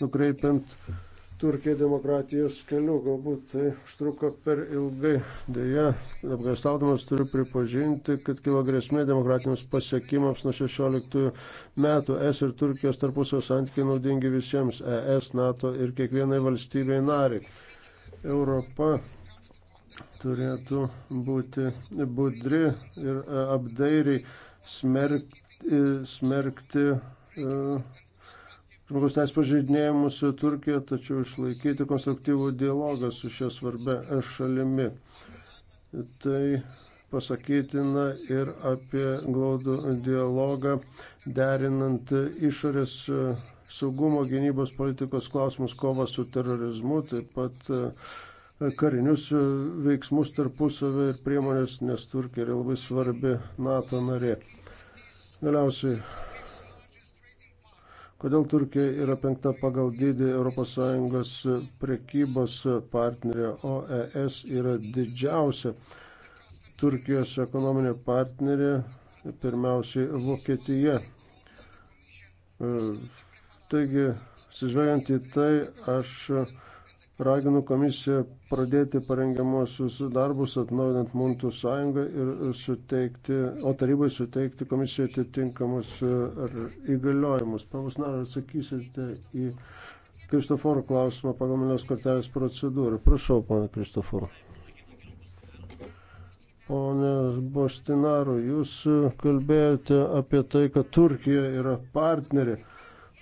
nukreipiant Turkiją demokratijos keliu. Galbūt tai užtruko per ilgai. Deja, apgaistaudamas turiu pripažinti, kad kilo grėsmė demokratiniams pasiekimams nuo 16 metų. Es ir Turkijos tarpusio santykiai naudingi visiems e - ES, NATO ir kiekvienai valstybei nariai. Europa turėtų būti budri ir e, apdairiai e, smerkti, smerkti žmogus teisų pažeidinėjimus su Turkija, tačiau išlaikyti konstruktyvų dialogą su šia svarbia šalimi. Tai pasakytina ir apie glaudų dialogą, derinant išorės saugumo gynybos politikos klausimus, kovą su terorizmu, taip pat e, karinius e, veiksmus tarpusavį ir priemonės, nes Turkija yra labai svarbi NATO narė. Galiausiai Kodėl Turkija yra penkta pagal dydį ES prekybos partnerė, o ES yra didžiausia Turkijos ekonominė partnerė, pirmiausiai Vokietija. E, taigi, sižvelgiant į tai, aš Raginu komisiją pradėti parengiamuosius darbus, atnaujinant Muntų sąjungą ir suteikti, o tarybai suteikti komisijai atitinkamus er, įgaliojimus. Pavus narą atsakysite į Kristoforo klausimą pagal Minos kortelės procedūrą. Prašau, pana Kristoforo. Pone Bostinaru, jūs kalbėjote apie tai, kad Turkija yra partnerė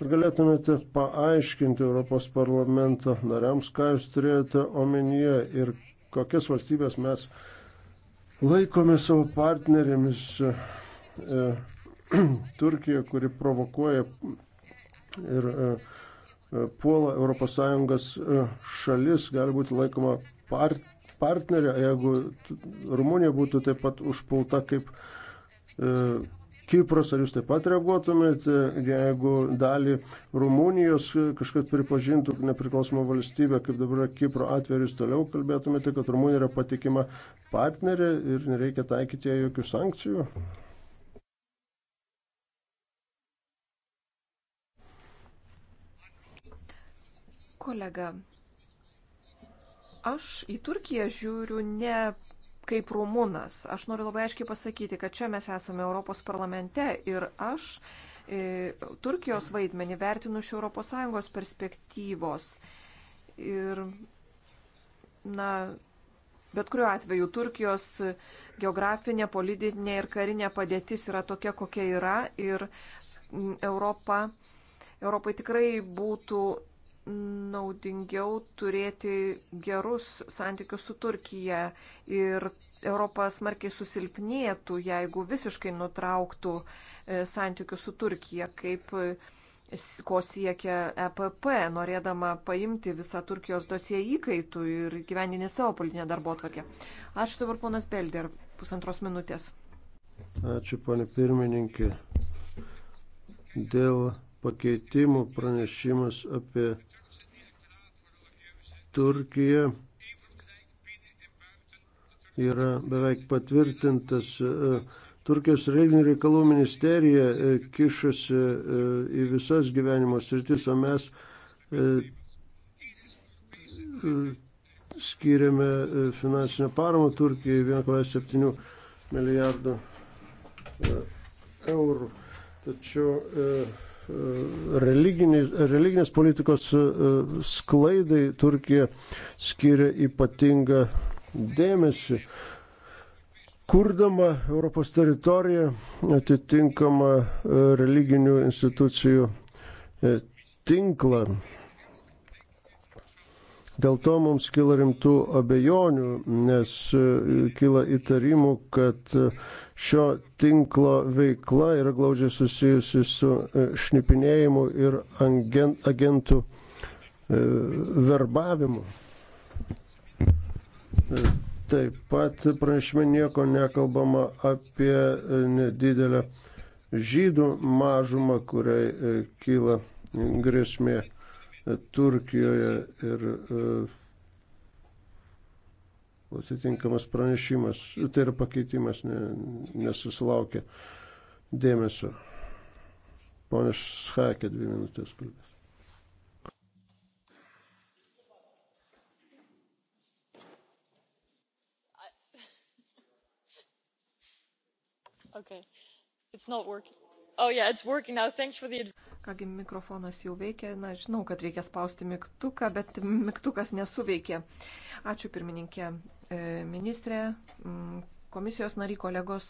Ar galėtumėte paaiškinti Europos parlamento nariams, ką jūs turėjote omenyje ir kokias valstybės mes laikome savo partnerėmis e, Turkija, kuri provokuoja ir e, e puola ES e, šalis, gali būti laikoma partnerė partnerė, jeigu Rumunija būtų taip pat užpulta kaip e, Kipras, ar jūs taip pat reaguotumėte, jeigu dalį Rumunijos kažkas pripažintų nepriklausomą valstybę, kaip dabar Kipro atveris toliau kalbėtumėte, kad Rumunija yra patikima partnerė ir nereikia taikyti jai jokių sankcijų? Kolega, aš į Turkiją žiūriu ne kaip rumūnas. Aš noriu labai aiškiai pasakyti, kad čia mes esame Europos parlamente ir aš e, Turkijos vaidmenį vertinu iš ES perspektyvos. Ir, na, bet kuriuo atveju Turkijos geografinė, politinė ir karinė padėtis yra tokia, kokia yra ir Europa, Europai tikrai būtų naudingiau turėti gerus santykius su Turkija ir Europa smarkiai susilpnėtų, jeigu visiškai nutrauktų e, santykius su Turkija, kaip e, ko siekia EPP, norėdama paimti visą Turkijos dosiją įkaitų ir gyveninį savo politinę darbo atvarkę. Ačiū dabar ponas Belder, pusantros minutės. Ačiū, ponė pirmininkė. Dėl pakeitimų pranešimas apie Turkija yra beveik patvirtintas. E, Turkijos religinių reikalų ministerija e, kišasi e, į visas gyvenimo sritis, o mes skiriame finansinę paramą Turkijai 1,7 milijardo eurų. Tačiau religinės politikos e, sklaidai Turkija skiria ypatingą dėmesį. Kurdama Europos teritoriją atitinkamą e, religinių institucijų e, tinklą. Dėl to mums kyla rimtų abejonių, nes e, kyla įtarimų, kad e, šio tinklo veikla yra glaudžiai susijusi su e, šnipinėjimu ir agentų verbavimu. Taip pat pranešime nieko nekalbama apie nedidelę žydų mažumą, kuriai kyla grėsmė Turkijoje ir e, atitinkamas pranešimas, tai yra pakeitimas, ne, nesusilaukė dėmesio. Pone Šhakė, dvi minutės kalbės. Okay. It's not working. Oh, yeah, the... Kągi mikrofonas jau veikia, na žinau, kad reikia spausti mygtuką, bet mygtukas nesuveikė. Ačiū pirmininkė e, ministrė, komisijos nariai, kolegos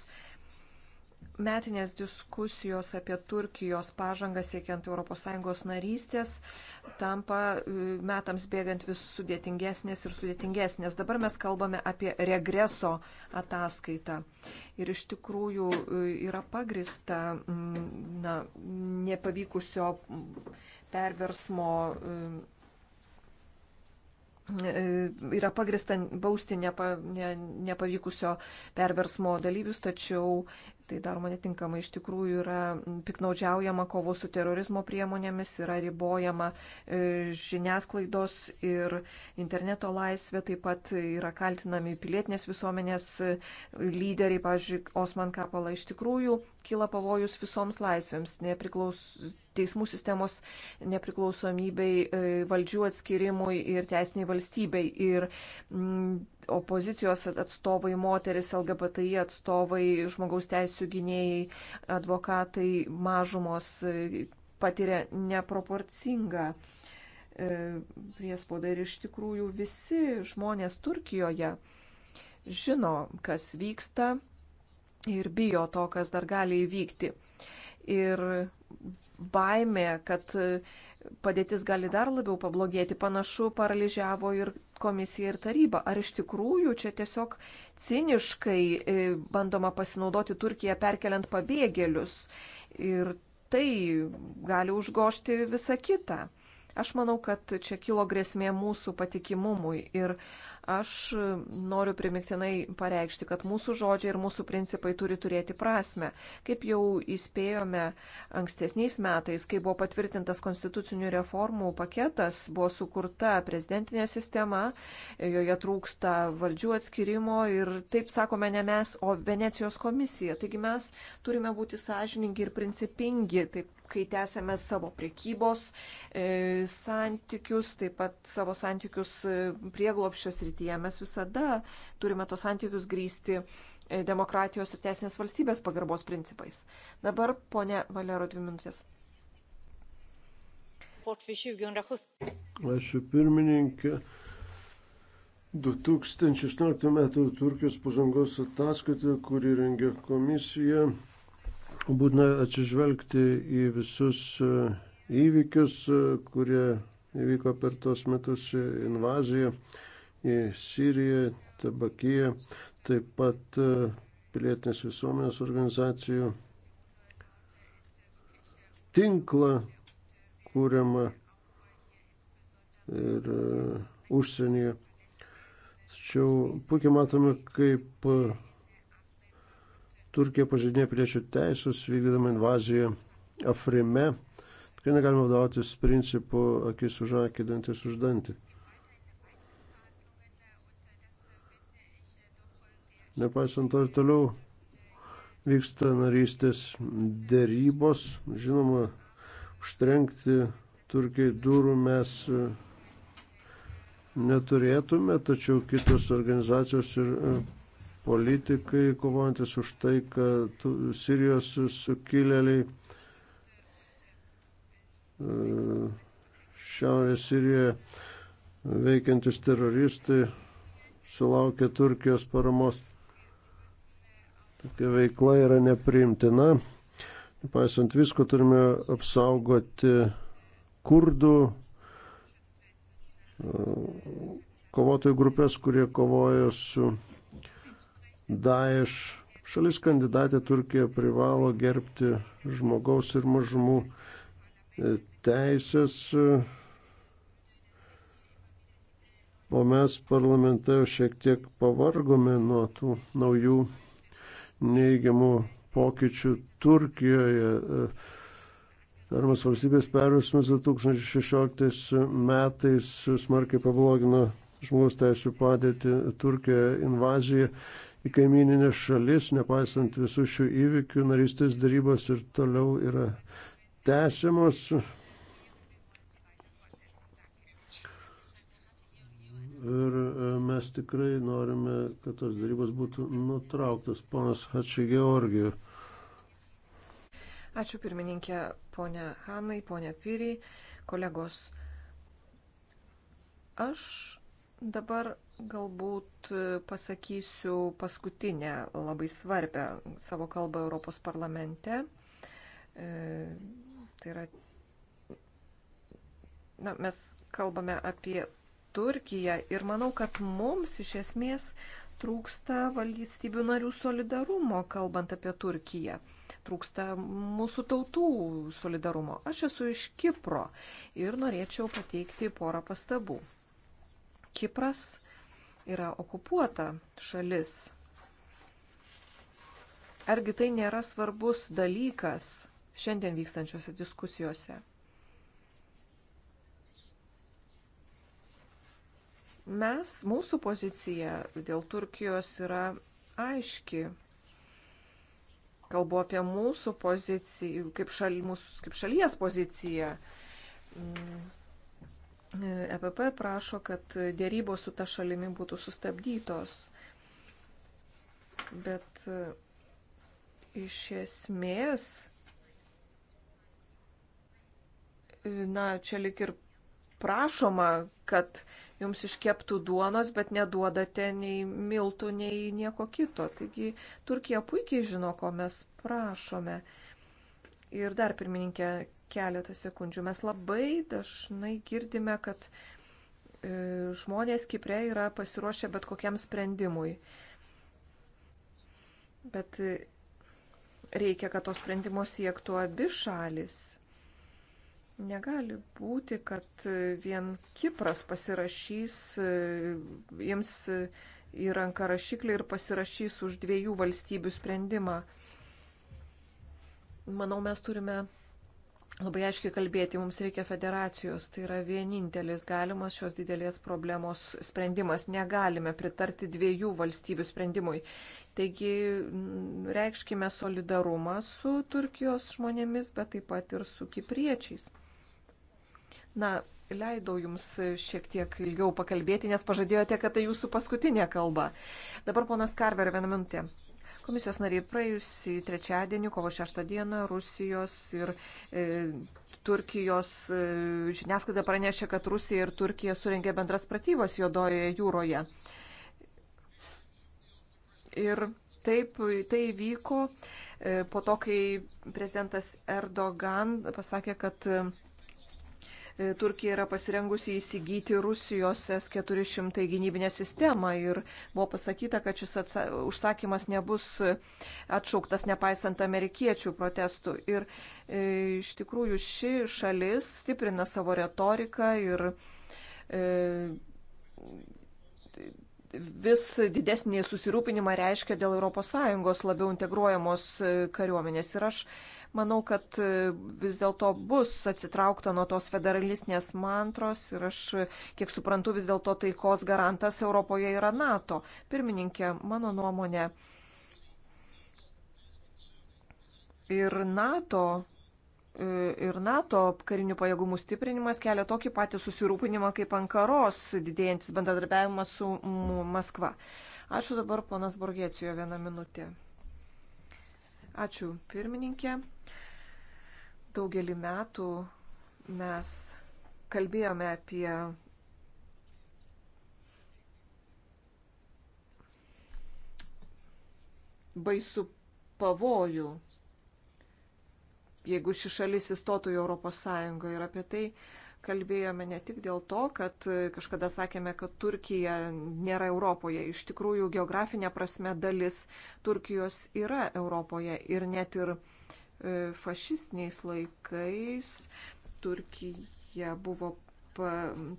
metinės diskusijos apie Turkijos pažangą siekiant ES narystės tampa e, metams bėgant vis sudėtingesnės ir sudėtingesnės. Dabar mes kalbame apie regreso ataskaitą. Ir iš tikrųjų e, yra pagrista mm, na, nepavykusio perversmo. E, yra pagrista bausti nepa, ne, nepavykusio perversmo dalyvius, tačiau tai daroma netinkamai. Iš tikrųjų yra piknaudžiaujama kovos su terorizmo priemonėmis, yra ribojama e, žiniasklaidos ir interneto laisvė, taip pat yra kaltinami pilietinės visuomenės e, lyderiai, pavyzdžiui, Osman Kapala. Iš tikrųjų kyla pavojus visoms laisvėms, nepriklaus, teismų sistemos nepriklausomybei, e, valdžių atskirimui ir teisiniai valstybei. Ir, mm, opozicijos atstovai, moteris, LGBTI atstovai, žmogaus teisų gynėjai, advokatai, mažumos e, patiria neproporcingą e, priespaudą ir iš tikrųjų visi žmonės Turkijoje žino, kas vyksta ir bijo to, kas dar gali įvykti. Ir baimė, kad padėtis gali dar labiau pablogėti. Panašu, paralyžiavo ir komisija, ir taryba. Ar iš tikrųjų čia tiesiog ciniškai e, bandoma pasinaudoti Turkiją perkeliant pabėgėlius ir tai gali užgošti visą kitą. Aš manau, kad čia kilo grėsmė mūsų patikimumui ir Aš noriu primiktinai pareikšti, kad mūsų žodžiai ir mūsų principai turi turėti prasme. Kaip jau įspėjome ankstesniais metais, kai buvo patvirtintas konstitucinių reformų paketas, buvo sukurta prezidentinė sistema, joje trūksta valdžių atskirimo ir taip sakome ne mes, o Venecijos komisija. Taigi mes turime būti sąžiningi ir principingi, taip, kai tęsėme savo priekybos e, santykius, taip pat savo santykius e, prieglopščios rytyje srityje. Mes visada turime tos santykius grįsti e, demokratijos ir teisinės valstybės pagarbos principais. Dabar, ponė Valero, dvi minutės. Ačiū pirmininkė. 2016 m. Turkijos pažangos ataskaita, kuri rengia komisija, būtina atsižvelgti į visus e, įvykius, e, kurie įvyko per tos metus invaziją į Siriją, Tabakiją, taip pat e, pilietinės visuomenės organizacijų tinklą kūriamą ir e, užsienyje. Tačiau puikiai matome, kaip e, Turkija pažeidinė piliečių teisus, vykdydama invaziją Afrime. Tikrai negalima vadovautis principu akis už akį, dantis už dantį. Nepaisant to ir toliau vyksta narystės dėrybos. Žinoma, užtrenkti Turkiai durų mes e, neturėtume, tačiau kitos organizacijos ir e, politikai kovojantis už tai, kad Sirijos sukilėliai e, Šiaurės Sirijoje veikiantis teroristai sulaukė Turkijos paramos. Tokia veikla yra nepriimtina. Nepaisant visko, turime apsaugoti kurdų kovotojų grupės, kurie kovoja su Daesh. Šalis kandidatė Turkija privalo gerbti žmogaus ir mažumų e, teisės. O mes parlamente šiek tiek pavargome nuo tų naujų neigiamų pokyčių Turkijoje. Armas valstybės perversmas 2016 metais smarkiai pablogino žmogaus teisų padėtį Turkijoje invaziją į kaimininę šalis, nepaisant visų šių įvykių, narystės darybos ir toliau yra tęsiamos. ir e, mes tikrai norime, kad tos darybos būtų nutrauktas. Ponas Hačiai Georgijų. Ačiū pirmininkė, ponė Hanai, ponė Pyry, kolegos. Aš dabar galbūt pasakysiu paskutinę labai svarbę savo kalbą Europos parlamente. E, tai yra, na, mes kalbame apie Turkiją ir manau, kad mums iš esmės trūksta valstybių narių solidarumo, kalbant apie Turkiją. Trūksta mūsų tautų solidarumo. Aš esu iš Kipro ir norėčiau pateikti porą pastabų. Kipras yra okupuota šalis. Argi tai nėra svarbus dalykas šiandien vykstančiose diskusijose? Mes, mūsų pozicija dėl Turkijos yra aiški. Kalbu apie mūsų poziciją, kaip, šal, mūsų, kaip šalies poziciją. EPP prašo, kad dėrybos su ta šalimi būtų sustabdytos. Bet e, iš esmės, e, na, čia lik ir prašoma, kad uh, jums iškeptų duonos, bet neduodate nei miltų, nei nieko kito. Taigi Turkija puikiai žino, ko mes prašome. Ir dar pirmininkė keletą sekundžių. Mes labai dažnai girdime, kad e, žmonės Kiprė yra pasiruošę bet kokiam sprendimui. Bet e, reikia, kad to sprendimo siektų abi šalis. Negali būti, kad e, vien Kipras pasirašys, jiems e, e, į ranką rašiklį ir pasirašys už dviejų valstybių sprendimą. Manau, mes turime labai aiškiai kalbėti, mums reikia federacijos, tai yra vienintelis galimas šios didelės problemos sprendimas. Negalime pritarti dviejų valstybių sprendimui. Taigi reikškime solidarumą su Turkijos žmonėmis, bet taip pat ir su kipriečiais. Na, leidau Jums šiek tiek ilgiau pakalbėti, nes pažadėjote, kad tai Jūsų paskutinė kalba. Dabar ponas Karver, vieną minutę. Komisijos nariai praėjusį trečiadienį, kovo šeštą dieną, Rusijos ir e, Turkijos e, žiniasklaida pranešė, kad Rusija ir Turkija surengė bendras pratybas Jodojoje jūroje. Ir taip tai vyko e, po to, kai prezidentas Erdogan pasakė, kad e, E, Turkija yra pasirengusi įsigyti Rusijos S-400 gynybinę sistemą ir buvo pasakyta, kad šis atsa... užsakymas nebus atšauktas nepaisant amerikiečių protestų. Ir e, iš tikrųjų ši šalis stiprina savo retoriką ir e, vis didesnį susirūpinimą reiškia dėl ES labiau integruojamos e, kariuomenės. Ir aš Manau, kad e, vis dėlto bus atsitraukta nuo tos federalistinės mantros ir aš, kiek suprantu, vis dėlto taikos garantas Europoje yra NATO. Pirmininkė, mano nuomonė. Ir NATO. E, ir NATO karinių pajėgumų stiprinimas kelia tokį patį susirūpinimą kaip Ankaros didėjantis bendradarbiavimas su Maskva. Ačiū dabar, ponas Borgėcijo, vieną minutę. Ačiū pirmininkė. Daugelį metų mes kalbėjome apie baisų pavojų, jeigu ši šalis įstotų į Europos Sąjungą ir apie tai kalbėjome ne tik dėl to, kad kažkada sakėme, kad Turkija nėra Europoje. Iš tikrųjų, geografinė prasme dalis Turkijos yra Europoje ir net ir e, fašistiniais laikais Turkija buvo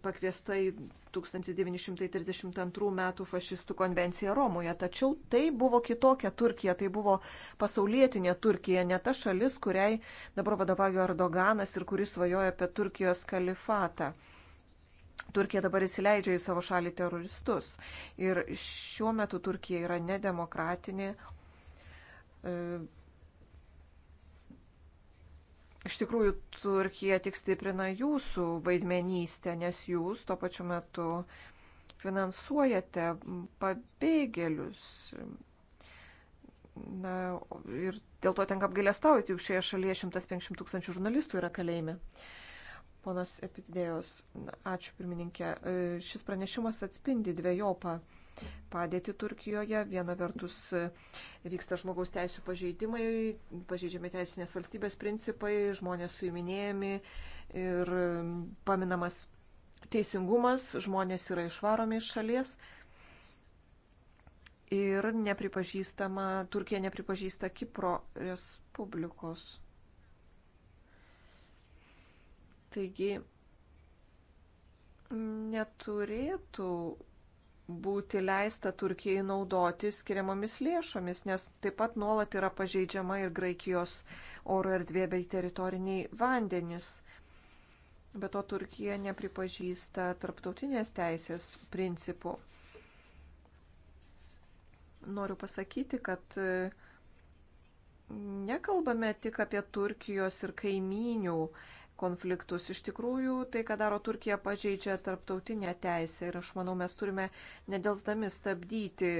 pakviesta į 1932 metų fašistų konvenciją Romoje. Tačiau tai buvo kitokia Turkija, tai buvo pasaulietinė Turkija, ne ta šalis, kuriai dabar vadovauja Erdoganas ir kuris svajoja apie Turkijos kalifatą. Turkija dabar įsileidžia į savo šalį teroristus. Ir šiuo metu Turkija yra nedemokratinė. E, Iš tikrųjų, Turkija tik stiprina jūsų vaidmenystę, nes jūs tuo pačiu metu finansuojate pabėgėlius. Na, ir dėl to tenka apgailestauti, juk šioje šalyje 150 tūkstančių žurnalistų yra kalėjime. Ponas Epidėjos, ačiū pirmininkė. Šis pranešimas atspindi dviejopą padėtį Turkijoje. Viena vertus vyksta žmogaus teisų pažeidimai, pažeidžiami teisinės valstybės principai, žmonės suiminėjami ir paminamas teisingumas, žmonės yra išvaromi iš šalies. Ir nepripažįstama, Turkija nepripažįsta Kipro Respublikos. Taigi neturėtų būti leista Turkijai naudoti skiriamomis lėšomis, nes taip pat nuolat yra pažeidžiama ir Graikijos oro erdvė bei teritoriniai vandenys. Be to Turkija nepripažįsta tarptautinės teisės principų. Noriu pasakyti, kad e, nekalbame tik apie Turkijos ir kaimynių konfliktus. Iš tikrųjų, tai, ką daro Turkija, pažeidžia tarptautinę teisę ir aš manau, mes turime nedelsdami stabdyti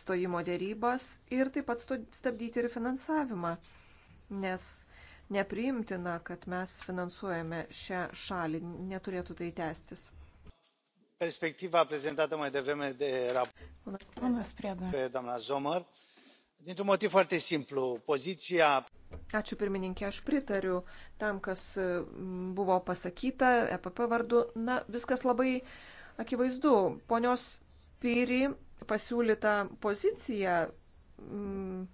stojimo dėrybas ir taip pat stabdyti ir finansavimą, nes nepriimtina, kad mes finansuojame šią šalį, neturėtų tai tęstis. Perspektyva prezentată mai devreme de raportul. Ponas Prieda. Pe doamna Zomăr dintr un motiv foarte simplu poziția. Ačiū pirmininkė, aš pritariu tam, kas mm, buvo pasakyta EPP vardu. Na, viskas labai akivaizdu. Ponios Pyri pasiūlyta pozicija mm,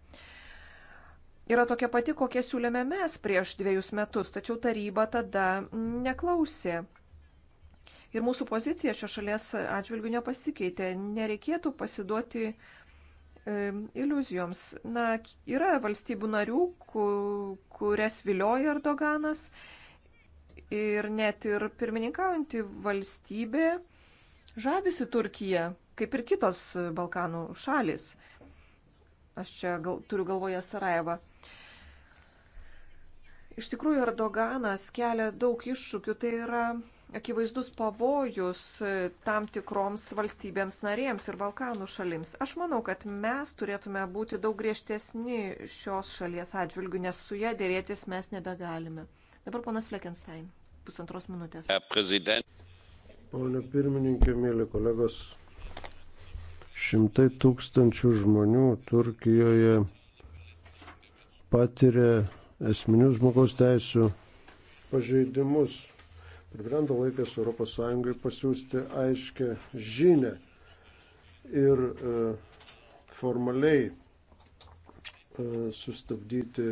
yra tokia pati, kokie siūlėme mes prieš dviejus metus, tačiau taryba tada neklausė. Ir mūsų pozicija šios šalies atžvilgių nepasikeitė. Nereikėtų pasiduoti uh, E, iliuzijoms. Na, yra valstybių narių, kurias vilioja Erdoganas ir net ir pirmininkaujanti valstybė žavisi Turkija, kaip ir kitos Balkanų šalis. Aš čia gal, turiu galvoje Sarajevą. Iš tikrųjų, Erdoganas kelia daug iššūkių, tai yra akivaizdus pavojus e, tam tikroms valstybėms narėms ir Balkanų šalims. Aš manau, kad mes turėtume būti daug griežtesni šios šalies atžvilgių, nes su ją dėrėtis mes nebegalime. Dabar ponas Fleckenstein, pusantros minutės. Prezident. Pone pirmininkė, mėly kolegos, šimtai tūkstančių žmonių Turkijoje patiria esminius žmogaus teisų pažeidimus Pribrendo laikas ES pasiūsti aiškę žinę ir e, formaliai e, sustabdyti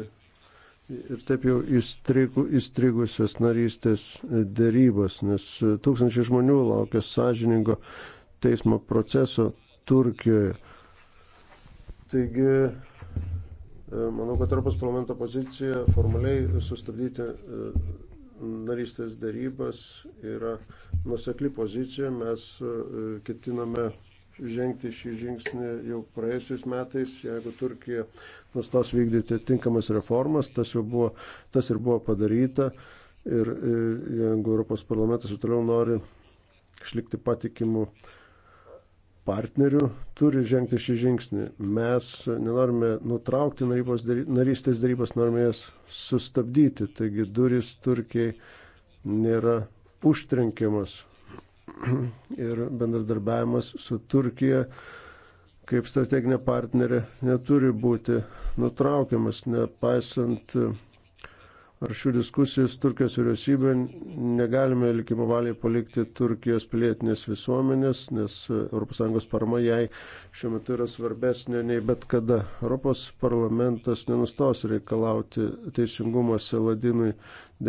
ir taip jau įstrigu, įstrigusios narystės e, dėrybos, nes e, tūkstančiai žmonių laukia sąžiningo teismo proceso Turkijoje. Taigi, e, manau, kad Europos parlamento pozicija formaliai sustabdyti narystės darybas yra nusekli pozicija. Mes e, ketiname žengti šį žingsnį jau praėjusiais metais, jeigu Turkija nustos vykdyti tinkamas reformas, tas, buvo, tas ir buvo padaryta. Ir e, jeigu Europos parlamentas ir toliau nori išlikti patikimų partnerių turi žengti šį žingsnį. Mes nenorime nutraukti narybos, narystės darybos, norime jas sustabdyti. Taigi duris Turkiai nėra užtrenkiamas. Ir bendradarbiavimas su Turkija kaip strateginė partnerė neturi būti nutraukiamas, nepaisant ar šių diskusijų su Turkijos vyriausybė negalime likimo valiai palikti Turkijos pilietinės visuomenės, nes ES parama jai šiuo metu yra svarbesnė nei bet kada. Europos parlamentas nenustos reikalauti teisingumo Seladinui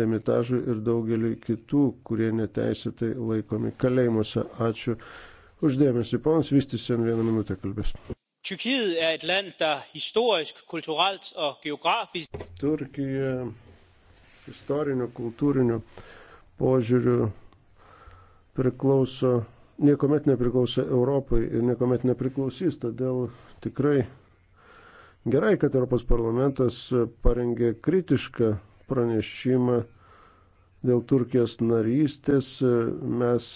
Demitažui ir daugeliu kitų, kurie neteisėtai laikomi kalėjimuose. Ačiū uždėmesi. Ponas Vystisen vieną minutę kalbės. Tyrkiet er et land, der historisk, kulturelt og geografisk. Turkija istoriniu, kultūriniu požiūriu priklauso, niekuomet nepriklauso Europai ir niekuomet nepriklausys. Todėl tikrai gerai, kad Europos parlamentas parengė kritišką pranešimą dėl Turkijos narystės. Mes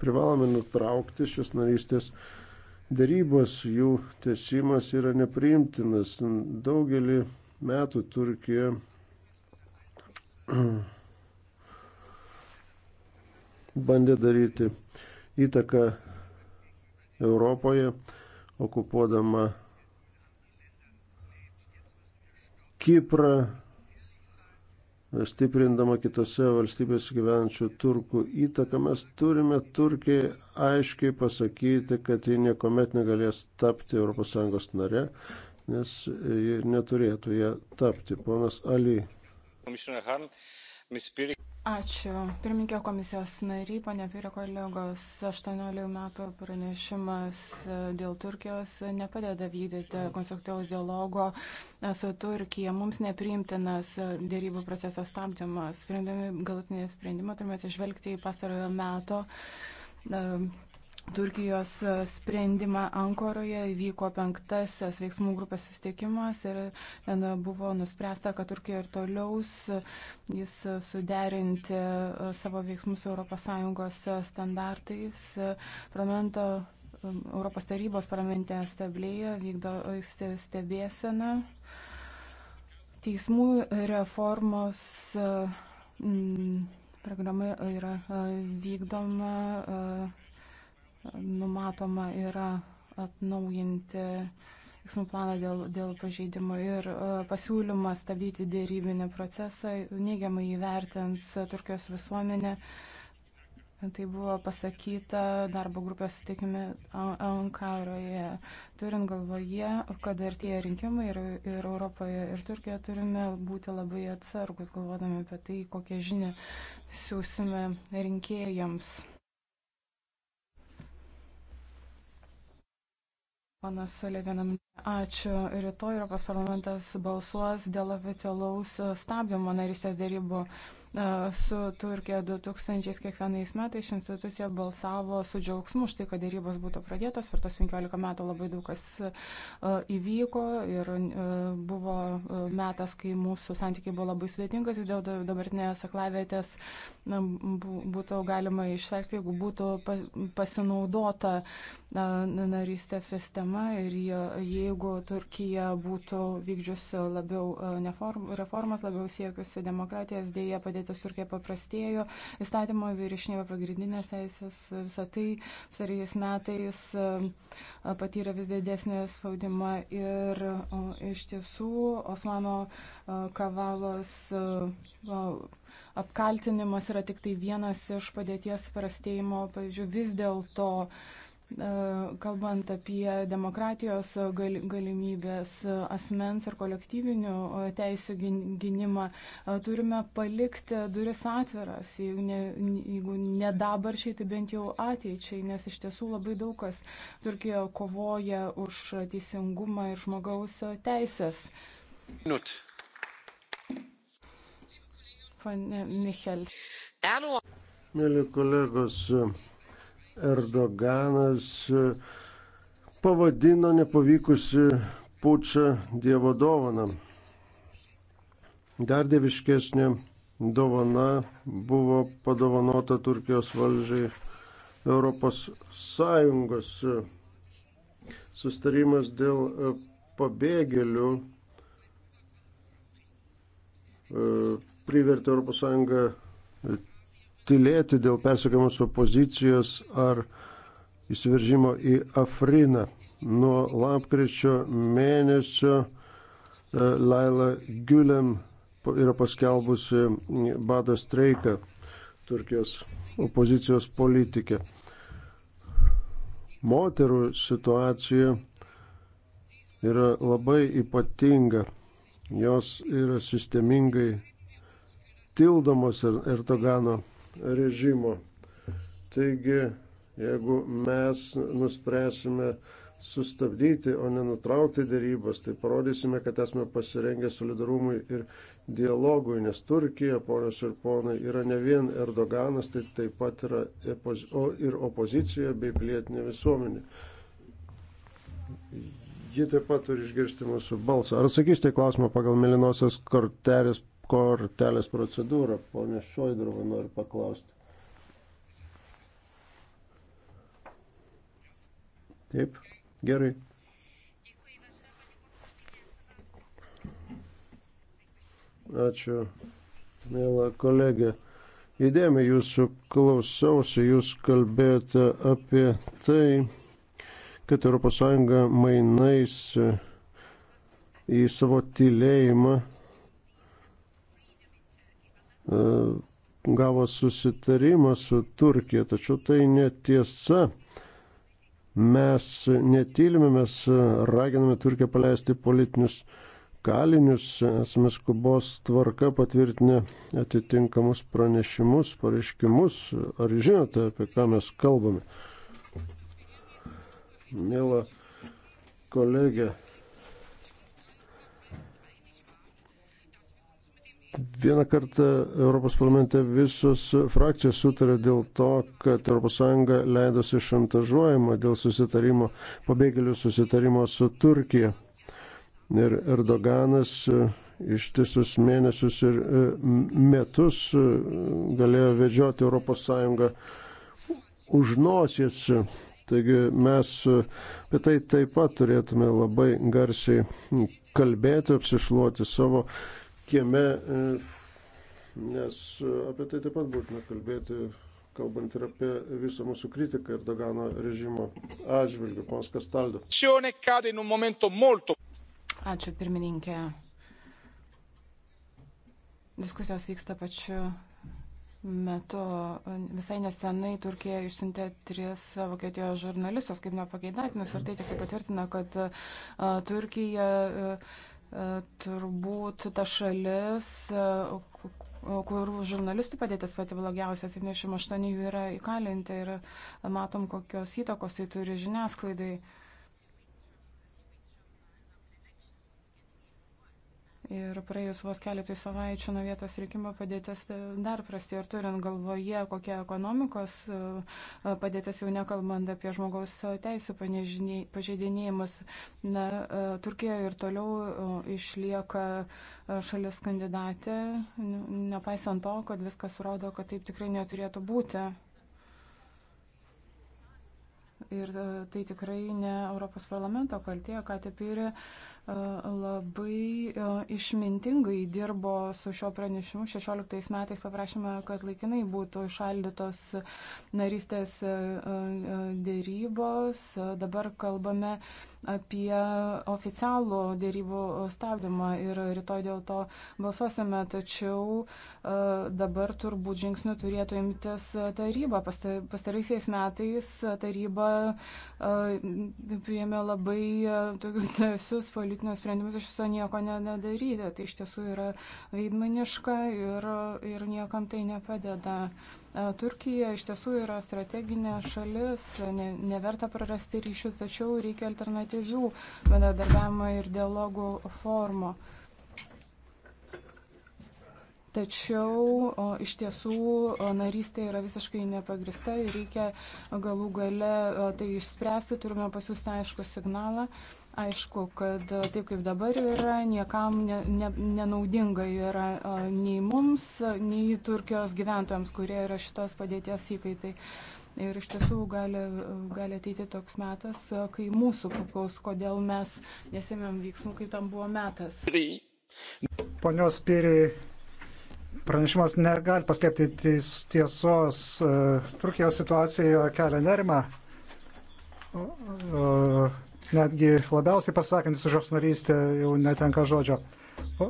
privalome nutraukti šios narystės darybos, jų tesimas yra nepriimtinas. Daugelį metų Turkija bandė daryti įtaką Europoje, okupuodama Kiprą, stiprindama kitose valstybėse gyvenančių turkų įtaką. Mes turime Turkijai aiškiai pasakyti, kad ji niekuomet negalės tapti ES nare, nes ji neturėtų ją tapti. Ponas Ali. Ačiū. Pirmininkė komisijos nariai, panė Pirė kolegos, 18 metų pranešimas e, dėl Turkijos nepadeda vykdyti konstruktyvaus dialogo e, su Turkija. Mums nepriimtinas e, dėrybų proceso stabdymas. Sprendami galutinį sprendimą turime atsižvelgti į pastarojo meto Turkijos sprendimą Ankoroje vyko penktasis veiksmų grupės susitikimas ir ten buvo nuspręsta, kad Turkija ir toliaus jis suderinti e, savo veiksmus ES standartais. Parlamento, Europos tarybos parlamente stablėje vykdo stebėseną. Teismų reformos. Mm, programa yra e, vykdoma e, numatoma yra atnaujinti veiksmų planą dėl, dėl pažeidimų ir e, pasiūlymas stabdyti dėrybinį procesą neigiamai įvertins Turkijos visuomenė. Tai buvo pasakyta darbo grupės sutikimi Ankaroje. Turint galvoje, kad artėja rinkimai ir, ir Europoje, ir Turkijoje turime būti labai atsargus, galvodami apie tai, kokią žinią siūsime rinkėjams. Panas Levinam, ačiū. Rytoj Europos parlamentas balsuos dėl oficialaus stabdymo narystės dėrybų su Turkija 2000 kiekvienais metais ši institucija balsavo su džiaugsmu už tai, kad dėrybos būtų pradėtos. Per tos 15 metų labai daug kas įvyko ir buvo metas, kai mūsų santykiai buvo labai sudėtingas ir dėl dabartinės aklavietės būtų galima išvengti, jeigu būtų pasinaudota narystė sistema ir jeigu Turkija būtų vykdžiusi labiau reformas, labiau siekusi demokratijas, dėja padėti padėtis Turkija paprastėjo, įstatymo viršnėjo pagrindinės teisės, visą tai psarys metais patyrė vis didesnį spaudimą ir o, iš tiesų Osmano kavalos apkaltinimas yra tik tai vienas iš padėties prastėjimo, pavyzdžiui, vis dėlto E, kalbant apie demokratijos galimybės, e, asmens ir kolektyvinių e, teisų gynimą, turime palikti duris atviras, jeigu ne, jeigu ne dabarčiai, tai bent jau ateičiai, nes iš tiesų labai daug kas Turkijoje kovoja už teisingumą ir žmogaus teisės. Minut. Pane Michel. Mėly kolegos, Erdoganas e, pavadino nepavykusi pučia Dievo dovaną. Dar dieviškesnė dovana buvo padovanota Turkijos valdžiai Europos Sąjungos sustarimas dėl e, pabėgėlių e, privertė Europos Sąjungą tylėti dėl persekiamos opozicijos ar įsiveržimo į Afriną. Nuo lapkričio mėnesio e, Laila Güliam yra paskelbusi badą streiką Turkijos opozicijos politikė. Moterų situacija yra labai ypatinga. Jos yra sistemingai tildomos Erdogano režimo. Taigi, jeigu mes nuspręsime sustabdyti, o nenutraukti dėrybas, tai parodysime, kad esame pasirengę solidarumui ir dialogui, nes Turkija, ponios ir ponai, yra ne vien Erdoganas, tai taip pat yra ir opozicija bei pilietinė visuomenė. Ji taip pat turi išgirsti mūsų balsą. Ar atsakysite į klausimą pagal Melinosios kortelės kortelės procedūrą. Pone Šoidrovą noriu paklausti. Taip, gerai. Ačiū, mėla kolegė. Įdėmiai jūsų klausiausi, jūs kalbėjote apie tai, kad ES mainais į savo tylėjimą E, gavo susitarimą su Turkija, tačiau tai netiesa. Mes netylime, mes raginame Turkiją paleisti politinius kalinius, esame skubos tvarka patvirtinę atitinkamus pranešimus, pareiškimus. Ar žinote, apie ką mes kalbame? Mėla kolegė, Vieną kartą Europos parlamente visos frakcijos sutarė dėl to, kad ES leidosi šantažuojama dėl susitarimo, pabėgėlių susitarimo su Turkija. Ir Erdoganas e, ištisus mėnesius ir e, metus e, galėjo vedžioti ES už nosies. Taigi mes apie tai taip pat turėtume labai garsiai kalbėti, apsišluoti savo kieme, e, nes apie tai taip pat būtina kalbėti, kalbant ir apie visą mūsų kritiką Erdogano režimo atžvilgių, pons Kastaldo. Ačiū pirmininkė. Diskusijos vyksta pačiu metu visai nesenai Turkija išsintė tris Vokietijos žurnalistus kaip nepageidatinius ir tai tik tai patvirtina, kad Turkija. Uh, turbūt ta šalis, e, kur žurnalistų padėtis pati blogiausia, 78 jų yra įkalinti ir matom, kokios įtakos tai turi žiniasklaidai. Ir praėjus vos keletai savaičių nuo vietos reikimo padėtis dar prastė. Ir turint galvoje, kokia ekonomikos e, e, padėtis, jau nekalbant apie žmogaus teisų pažeidinėjimus, na, e, Turkija ir toliau išlieka šalis kandidatė, nepaisant to, kad viskas rodo, kad taip tikrai neturėtų būti. Ir e, tai tikrai ne Europos parlamento kaltė, kad Piri e, labai e, išmintingai dirbo su šio pranešimu. 16 metais paprašėme, kad laikinai būtų išaldytos narystės dėrybos. Dabar kalbame apie oficialų dėrybų stabdymą ir rytoj dėl to balsuosime, tačiau e, dabar turbūt žingsnių turėtų imtis taryba. Pastaraisiais metais taryba e, priėmė labai e, tokius drąsius politinius sprendimus iš viso nieko nedaryti. Tai iš tiesų yra veidmaniška ir, ir niekam tai nepadeda. E, Turkija iš tiesų yra strateginė šalis, ne, neverta prarasti ryšių, tačiau reikia alternatyvių bendradarbiavimo ir dialogų formų. Tačiau o, iš tiesų o, narystė yra visiškai nepagrista ir reikia galų gale o, tai išspręsti, turime pasiūsti aišku signalą. O, Aišku, kad e, taip kaip dabar yra, niekam ne, ne, nenaudinga yra e, nei mums, nei Turkijos gyventojams, kurie yra šitos padėties įkaitai. Ir iš tiesų gali, gali ateiti toks metas, e, kai mūsų paklaus, kodėl mes nesėmėm veiksmų, kaip tam buvo metas. Ponios Piri, pranešimas negali paslėpti tiesos. Turkijos situacija kelia nerimą. Uh, uh netgi labiausiai pasakantis už apsnarystę jau netenka žodžio. Po,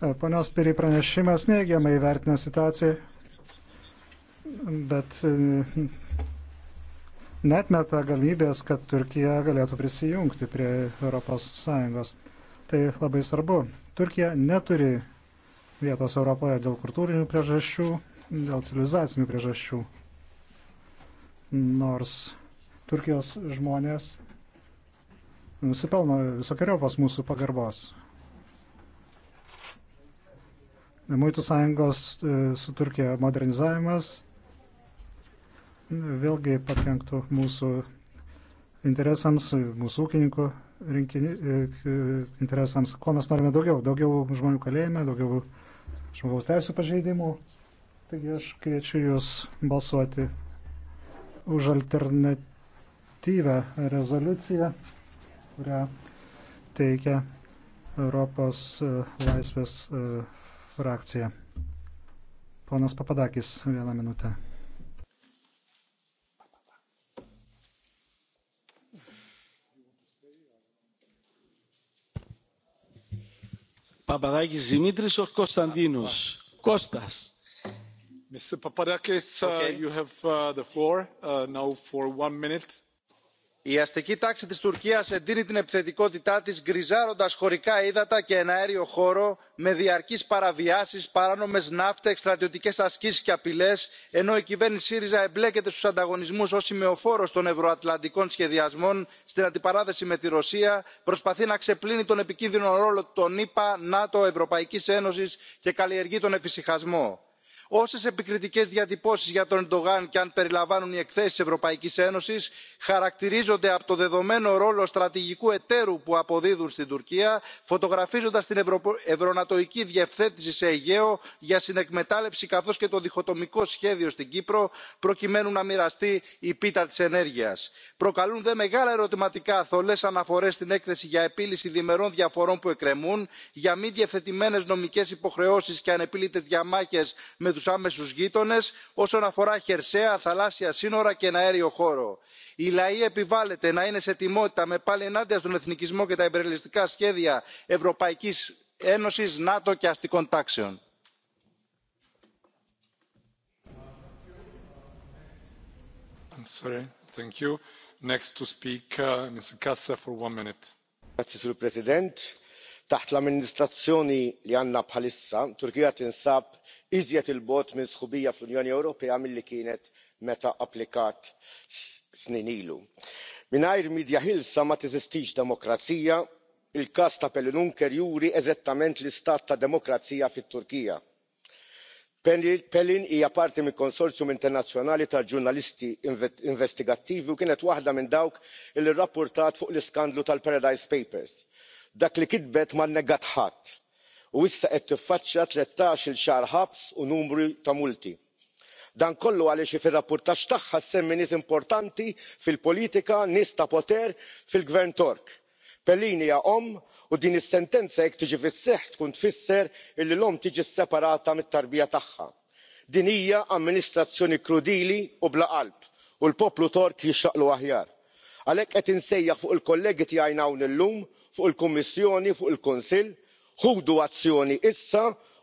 e, ponios Piri pranešimas neigiamai vertina situaciją, bet e, netmeta galimybės, kad Turkija galėtų prisijungti prie ES. Tai labai svarbu. Turkija neturi vietos Europoje dėl kultūrinių priežasčių, dėl civilizacinių priežasčių. Nors Turkijos žmonės nusipelno visokiojopos mūsų pagarbos. Muitų sąjungos e, su Turkija modernizavimas vėlgi pakenktų mūsų interesams, mūsų ūkininkų rinkini, e, interesams. Ko mes norime daugiau? Daugiau žmonių kalėjime, daugiau žmogaus teisų pažeidimų. Taigi aš kviečiu Jūs balsuoti už alternatyvę rezoliuciją kurią teikia Europos e, laisvės e, frakcija. Ponas Papadakis, vieną minutę. Papadakis Dimitris or Konstantinos? Kostas. Mr. Papadakis, uh, okay. uh, you have uh, the floor uh, now for one minute η αστική τάξη της τουρκίας εντείνει την επιθετικότητά της γκριζάροντας χωρικά ύδατα και εναέριο χώρο με διαρκείς παραβιάσεις παράνομες ναύτες στρατιωτικές ασκήσεις και απειλές ενώ η κυβέρνηση σύριζα εμπλέκεται στους ανταγωνισμούς ως σημεοφόρος των ευρωατλαντικών σχεδιασμών στην αντιπαράθεση με τη ρωσία προσπαθεί να ξεπλύνει τον επικίνδυνο ρόλο των ηπα νατο ευρωπαϊκής ένωσης και καλλιεργεί τον εφησυχασμό όσες επικριτικές διατυπώσεις για τον ερντογάν και αν περιλαμβάνουν οι εκθέσεις ευρωπαϊκής ένωσης χαρακτηρίζονται από το δεδομένο ρόλο στρατηγικού εταίρου που αποδίδουν στην τουρκία φωτογραφίζοντας την ευρωνατοϊκή διευθέτηση σε αιγαίο για συνεκμετάλλευση καθώς και το διχοτομικό σχέδιο στην κύπρο προκειμένου να μοιραστεί η πίτα της ενέργειας. προκαλούν δε μεγάλα ερωτηματικά θολές αναφορές στην έκθεση για επίλυση διμερών διαφορών που εκκρεμούν για μη διευθετημένες νομικές υποχρεώσεις και ανεπίλητες διαμάχες με τους άμεσους γείτονες όσον αφορά χερσαία θαλάσσια σύνορα και ένα αέριο χώρο. οι λαοί επιβάλλεται να είναι σε ετοιμότητα με πάλι ενάντια στον εθνικισμό και τα υπερελιστικά σχέδια ευρωπαϊκής ένωσης νατο και αστικών τάξεων. signor presidente taħt l-amministrazzjoni li għandna bħalissa turkija tinsab iżjed il bogħod minn sħubija fl-unjoni ewropea milli kienet meta applikat snin ilu. mingħajr midja ħilsa ma teżistix demokrazija il każ ta' pelin unker juri eżattament l-istat ta' demokrazija fit-turkija. pelin hija parti minn konsorzjum internazzjonali ta' ġurnalisti investigattivi u kienet waħda minn dawk li rrappurtat fuq l iskandlu tal paradise papers dak li kitbet manneggat ħadd u issa qed tiffaċċja tlettax-il xahar ħabs u numru ta' multi. dan kollu għaliex hi fir-rappurtaġġ tagħha ssemmi nies importanti fil-politika nies ta' poter fil-gvern tork. pellegrini hija omm u din is-sentenza jekk tiġi fis-seħħ tkun tfisser li l omm tiġi sseparata mit-tarbija tagħha. din hija amministrazzjoni krudili u bla qalb u l poplu tork jixtaq lu aħjar għalhekk qed insejjaħ fuq il kollegi tiegħi hawn illum fuq il kummissjoni fuq il kunsill ħudu azzjoni issa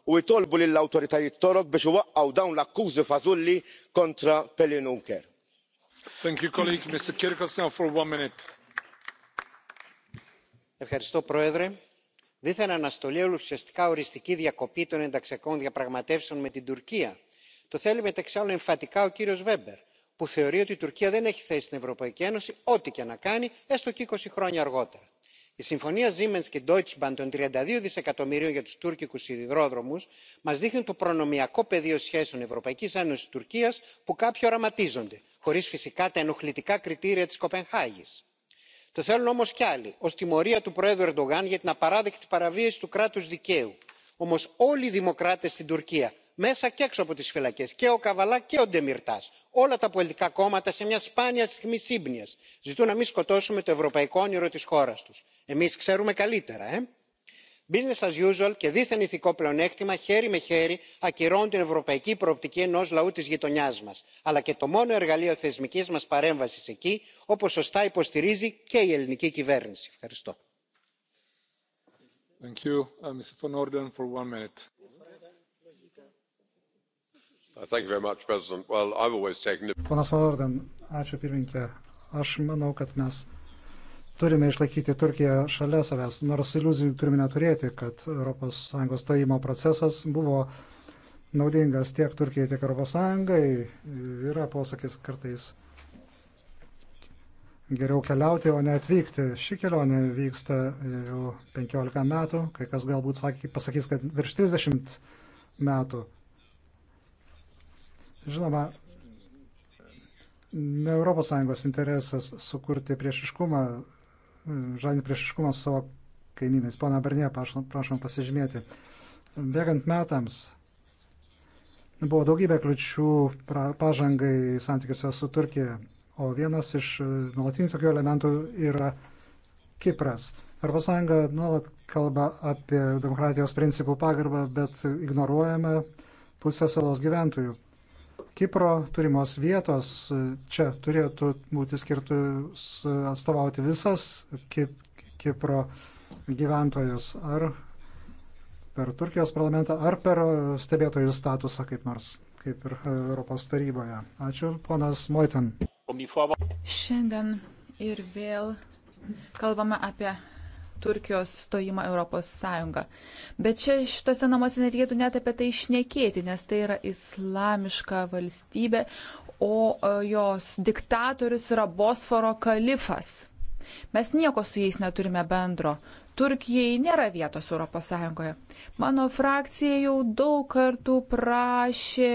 u jtolbu lill awtoritajiet torok biex iwaqqgħu dawn l-akkużi fażulli kontra pelin unker. δεν θα είναι αναστολή αλλά ουσιαστικά οριστική διακοπή των ενταξιακών διαπραγματεύσεων με την τουρκία. το θέλει εξάλλου εμφατικά ο κύριος weber που θεωρεί ότι η τουρκία δεν έχει θέση στην ευρωπαϊκή ένωση ό,τι και να κάνει έστω και είκοσι χρόνια αργότερα. η συμφωνία siemens και deutsche bahn των τριάντα δύο δισεκατομμυρίων για τους τούρκικους σιδηρόδρομους μας δείχνει το προνομιακό πεδίο σχέσεων ευρωπαϊκής ένωσης τουρκίας που κάποιοι οραματίζονται χωρίς φυσικά τα ενοχλητικά κριτήρια της κοπενχάγης. το θέλουν όμως κι άλλοι ως τιμωρία του προέδρου ερντογάν για την απαράδεκτη παραβίαση του κράτους δικαίου. όμως όλοι οι δημοκράτες στην τουρκία μέσα και έξω από τις φυλακές και ο καβαλά και ο ντεμιρτάς. όλα τα πολιτικά κόμματα σε μια σπάνια στιγμή σύμπνοιας ζητούν να μην σκοτώσουμε το ευρωπαϊκό όνειρο της χώρας τους. εμείς ξέρουμε καλύτερα ε! business as usual και δίθεν ηθικό πλεονέκτημα χέρι με χέρι ακυρώνουν την ευρωπαϊκή προοπτική ενός λαού της γειτονιάς μας αλλά και το μόνο εργαλείο θεσμικής μας παρέμβασης εκεί όπως σωστά υποστηρίζει και η ελληνική κυβέρνηση. ευχαριστώ. Uh, much, well, taken... Ponas Valordan, ačiū pirmininkė. Aš manau, kad mes turime išlaikyti Turkiją šalia savęs, nors iliuzijų turime neturėti, kad ES stojimo procesas buvo naudingas tiek Turkijai, tiek ES. Yra posakis kartais geriau keliauti, o ne atvykti. Ši kelionė vyksta jau 15 metų, kai kas galbūt sakė, pasakys, kad virš 30 metų. Žinoma, ne ES interesas sukurti priešiškumą, žalinti priešiškumą su savo kaimynais. Pana Bernė, prašom pasižymėti. Bėgant metams buvo daugybė kliučių pažangai santykiuose su Turkija, o vienas iš nuolatinių tokių elementų yra Kipras. Europos Sąjunga nuolat kalba apie demokratijos principų pagarbą, bet ignoruojame pusę salos gyventojų. Kipro turimos vietos čia turėtų būti skirtus atstovauti visas Kip, Kipro gyventojus ar per Turkijos parlamentą, ar per stebėtojų statusą kaip nors, kaip ir Europos taryboje. Ačiū, ponas Moiten. Šiandien ir vėl kalbame apie Turkijos stojimą Europos Sąjungą. Bet čia šitose namuose nereikėtų net apie tai išnekėti, nes tai yra islamiška valstybė, o e, jos diktatorius yra Bosforo kalifas. Mes nieko su jais neturime bendro. Turkijai nėra vietos Europos Sąjungoje. Mano frakcija jau daug kartų prašė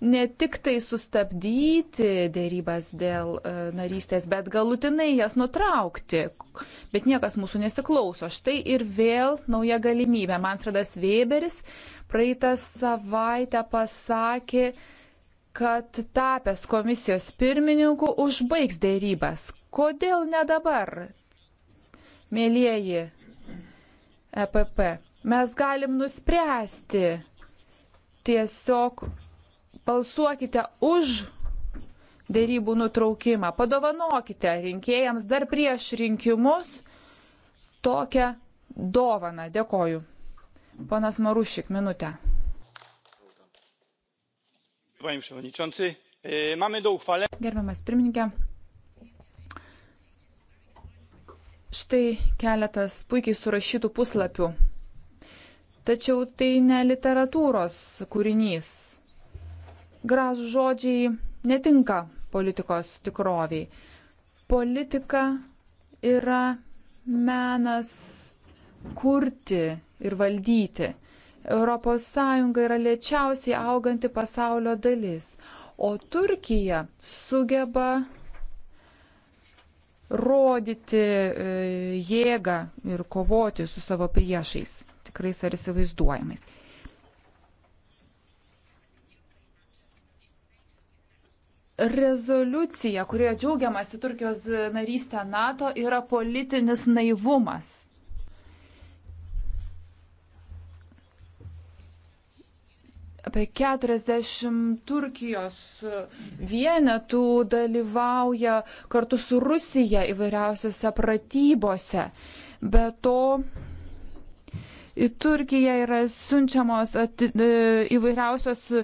ne tik tai sustabdyti dėrybas dėl e, narystės, bet galutinai jas nutraukti. Bet niekas mūsų nesiklauso. Štai ir vėl nauja galimybė. Manfredas Weberis praeitą savaitę pasakė, kad tapęs komisijos pirmininku užbaigs dėrybas. Kodėl ne dabar, mėlyjeji EPP? Mes galim nuspręsti tiesiog Balsuokite už dėrybų nutraukimą. Padovanokite rinkėjams dar prieš rinkimus tokią dovaną. Dėkoju. Ponas Marušik, minutę. E, Gerbiamas pirmininkė. Štai keletas puikiai surašytų puslapių. Tačiau tai ne literatūros kūrinys gražų žodžiai netinka politikos tikroviai. Politika yra menas kurti ir valdyti. ES yra lėčiausiai auganti pasaulio dalis, o Turkija sugeba rodyti e, jėgą ir kovoti su savo priešais, tikrais ar įsivaizduojamais. Rezoliucija, kurioje džiaugiamasi Turkijos narystė NATO, yra politinis naivumas. Apie 40 Turkijos vienetų dalyvauja kartu su Rusija įvairiausiose pratybose. Be to, Į Turkiją yra siunčiamos ati, e, įvairiausios e,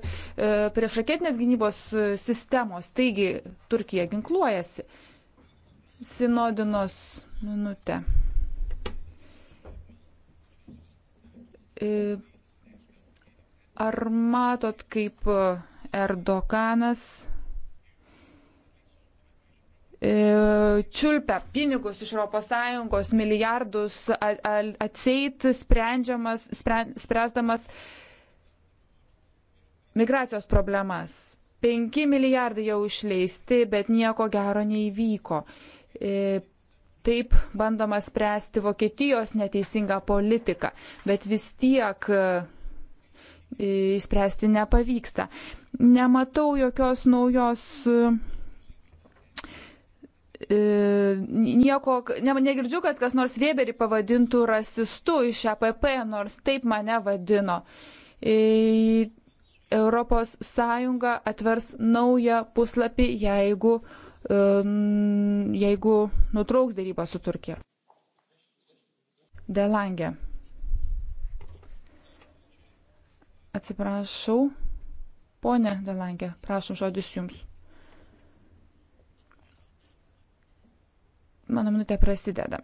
priešraketinės gynybos e, sistemos, taigi Turkija ginkluojasi. Sinodinos minutė. Ar matot, kaip Erdoganas E, čiulpia pinigus iš ES, milijardus atseit sprendžiamas, spręsdamas migracijos problemas. 5 milijardai jau išleisti, bet nieko gero neįvyko. E, taip bandoma spręsti Vokietijos neteisingą politiką, bet vis tiek įspręsti e, nepavyksta. Nematau jokios naujos E, nieko, ne, negirdžiu, kad kas nors Weberį pavadintų rasistu iš APP, nors taip mane vadino. E, Europos Sąjunga atvers naują puslapį, jeigu, e, jeigu nutrauks dėrybą su Turkija. Delangė. Atsiprašau. Pone Delangė, prašom žodis jums. Mano minutė prasideda.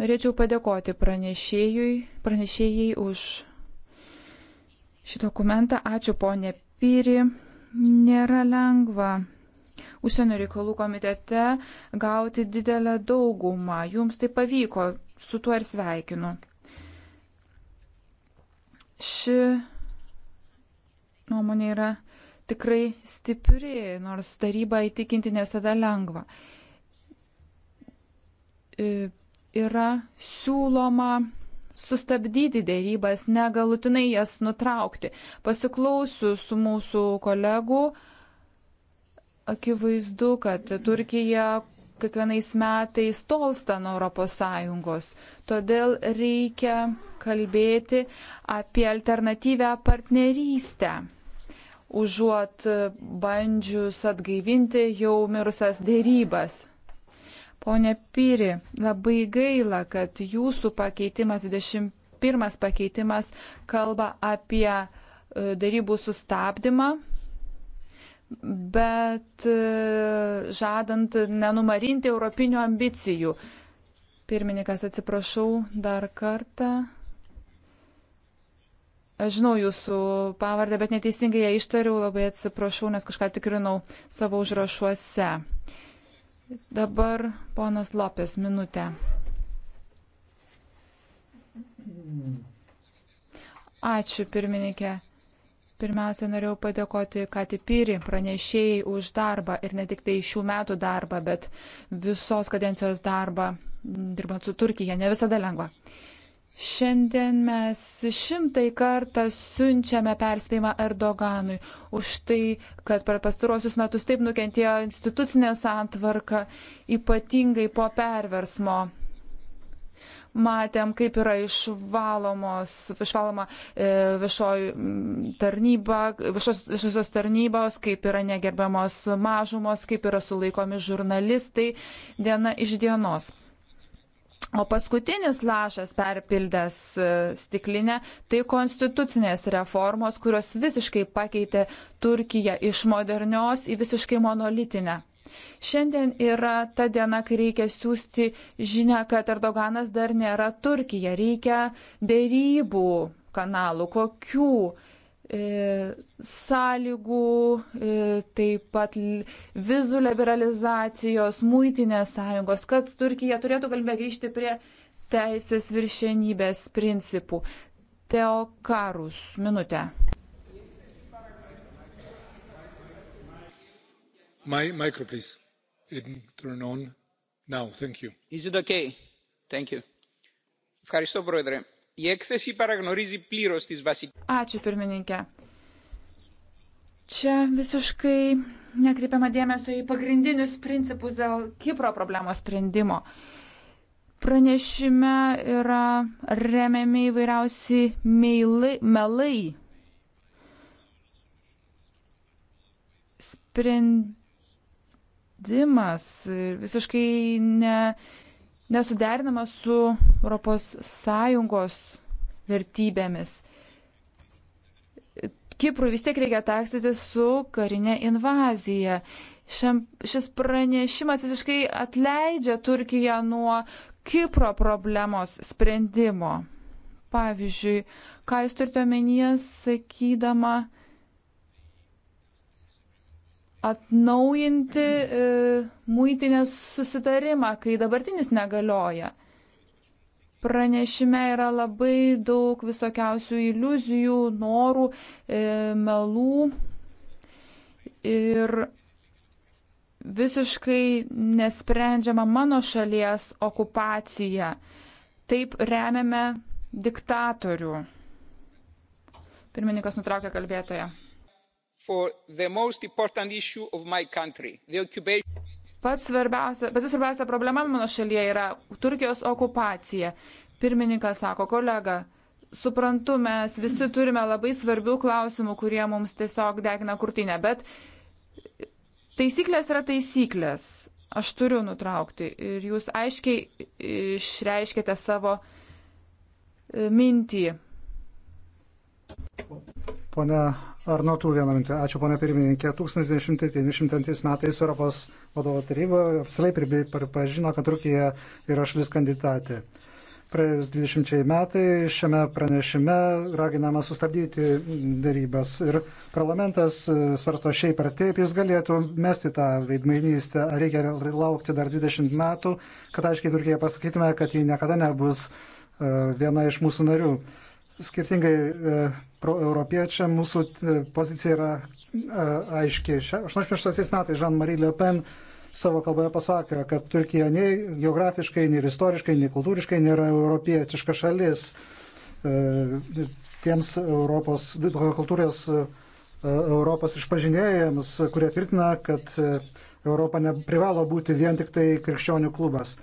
Norėčiau padėkoti pranešėjai už šį dokumentą. Ačiū ponė Pyri. Nėra lengva užsienio reikalų komitete gauti didelę daugumą. Jums tai pavyko, su tuo ir sveikinu. Ši nuomonė yra tikrai stipri, nors tarybą įtikinti nesada lengva. E, yra siūloma sustabdyti dėrybas, negalutinai jas nutraukti. Pasiklausius mūsų kolegų, akivaizdu, kad Turkija kiekvienais metais tolsta nuo ES. Todėl reikia kalbėti apie alternatyvę partnerystę, užuot bandžius atgaivinti jau mirusias dėrybas. Pone Pyri, labai gaila, kad jūsų pakeitimas, 21 pakeitimas, kalba apie e, darybų sustabdymą, bet e, žadant nenumarinti europinių ambicijų. Pirmininkas, atsiprašau dar kartą. Aš žinau jūsų pavardę, bet neteisingai ją ištariau, labai atsiprašau, nes kažką tikrinau savo užrašuose. Dabar ponas Lopės minutę. Ačiū pirmininkė. Pirmiausia, norėjau padėkoti Katipyri pranešėjai už darbą ir ne tik tai šių metų darbą, bet visos kadencijos darbą dirbant su Turkija. Ne visada lengva. Šiandien mes šimtai kartą siunčiame perspėjimą Erdoganui už tai, kad per pastaruosius metus taip nukentėjo institucinė santvarka, ypatingai po perversmo. Matėm, kaip yra išvaloma e, viešoji tarnyba, viešos, viešosios tarnybos, kaip yra negerbiamos mažumos, kaip yra sulaikomi žurnalistai diena iš dienos. O paskutinis lašas perpildęs e, stiklinę - tai konstitucinės reformos, kurios visiškai pakeitė Turkiją iš modernios į visiškai monolitinę. Šiandien yra ta diena, kai reikia siūsti žinę, kad Erdoganas dar nėra Turkija. Reikia dėrybų kanalų, kokių E, sąlygų, e, taip pat vizų liberalizacijos, muitinės sąjungos, kad Turkija turėtų galimybę grįžti prie teisės viršenybės principų. Teokarus, minutę. My micro, please. It turn on now. Thank you. Is it okay? Thank you. Ευχαριστώ, Πρόεδρε. Ačiū pirmininkė. Čia visiškai nekreipiama dėmesio į pagrindinius principus dėl Kipro problemos sprendimo. Pranešime yra remiami įvairiausi meilai, melai. Sprendimas visiškai ne, nesuderinama su ES vertybėmis. Kiprui vis tiek reikia taksyti su karinė invazija. Šiam, šis pranešimas visiškai atleidžia Turkiją nuo Kipro problemos sprendimo. Pavyzdžiui, ką jūs turite omenyje sakydama, atnaujinti e, muitinės susitarimą, kai dabartinis negalioja. Pranešime yra labai daug visokiausių iliuzijų, norų, e, melų ir visiškai nesprendžiama mano šalies okupacija. Taip remiame diktatorių. Pirmininkas nutraukė kalbėtoją for the most important issue of my country the occupation Pats svarbiausia, pats svarbiausia problema mano šalyje yra Turkijos okupacija. Pirmininkas sako, kolega, suprantu, mes visi turime labai svarbių klausimų, kurie mums tiesiog degina kurtinę, bet taisyklės yra taisyklės. Aš turiu nutraukti ir jūs aiškiai išreiškite savo e, mintį. Pone Arnotų vieną minutę. Ačiū, pone pirmininkė. 1990 metais Europos vadovo taryba apsilai pripažino, kad Turkija yra šalis kandidatė. Praėjus 20 metai šiame pranešime raginama sustabdyti darybas ir parlamentas e, svarsto šiaip ar taip, jis galėtų mesti tą veidmainystę, ar reikia laukti dar 20 metų, kad aiškiai Turkija pasakytume, kad ji niekada nebus e, viena iš mūsų narių. Skirtingai e, proeuropiečiam mūsų e, pozicija yra e, aiški. 86 metais Jean-Marie Le Pen savo kalboje pasakė, kad Turkija nei geografiškai, nei istoriškai, nei kultūriškai nėra europietiška šalis. E, tiems Europos, kultūros Europos išpažinėjams, kurie tvirtina, kad Europa neprivalo būti vien tik tai krikščionių klubas.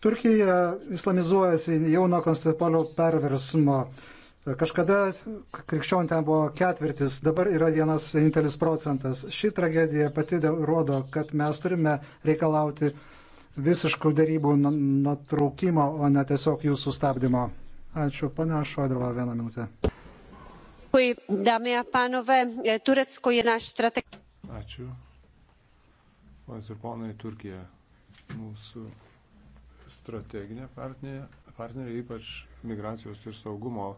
Turkija islamizuojasi jau nuo Konstantinopolio perversmo. Kažkada krikščionių ten buvo ketvirtis, dabar yra vienas vienintelis procentas. Ši tragedija pati rodo, kad mes turime reikalauti visiškų darybų nutraukimo, o ne tiesiog jų sustabdymo. Ačiū, pane Šodrova, vieną minutę. Ačiū. Ponas ir ponai, Turkija mūsų strateginė partnerė, partnerė ypač migracijos ir saugumo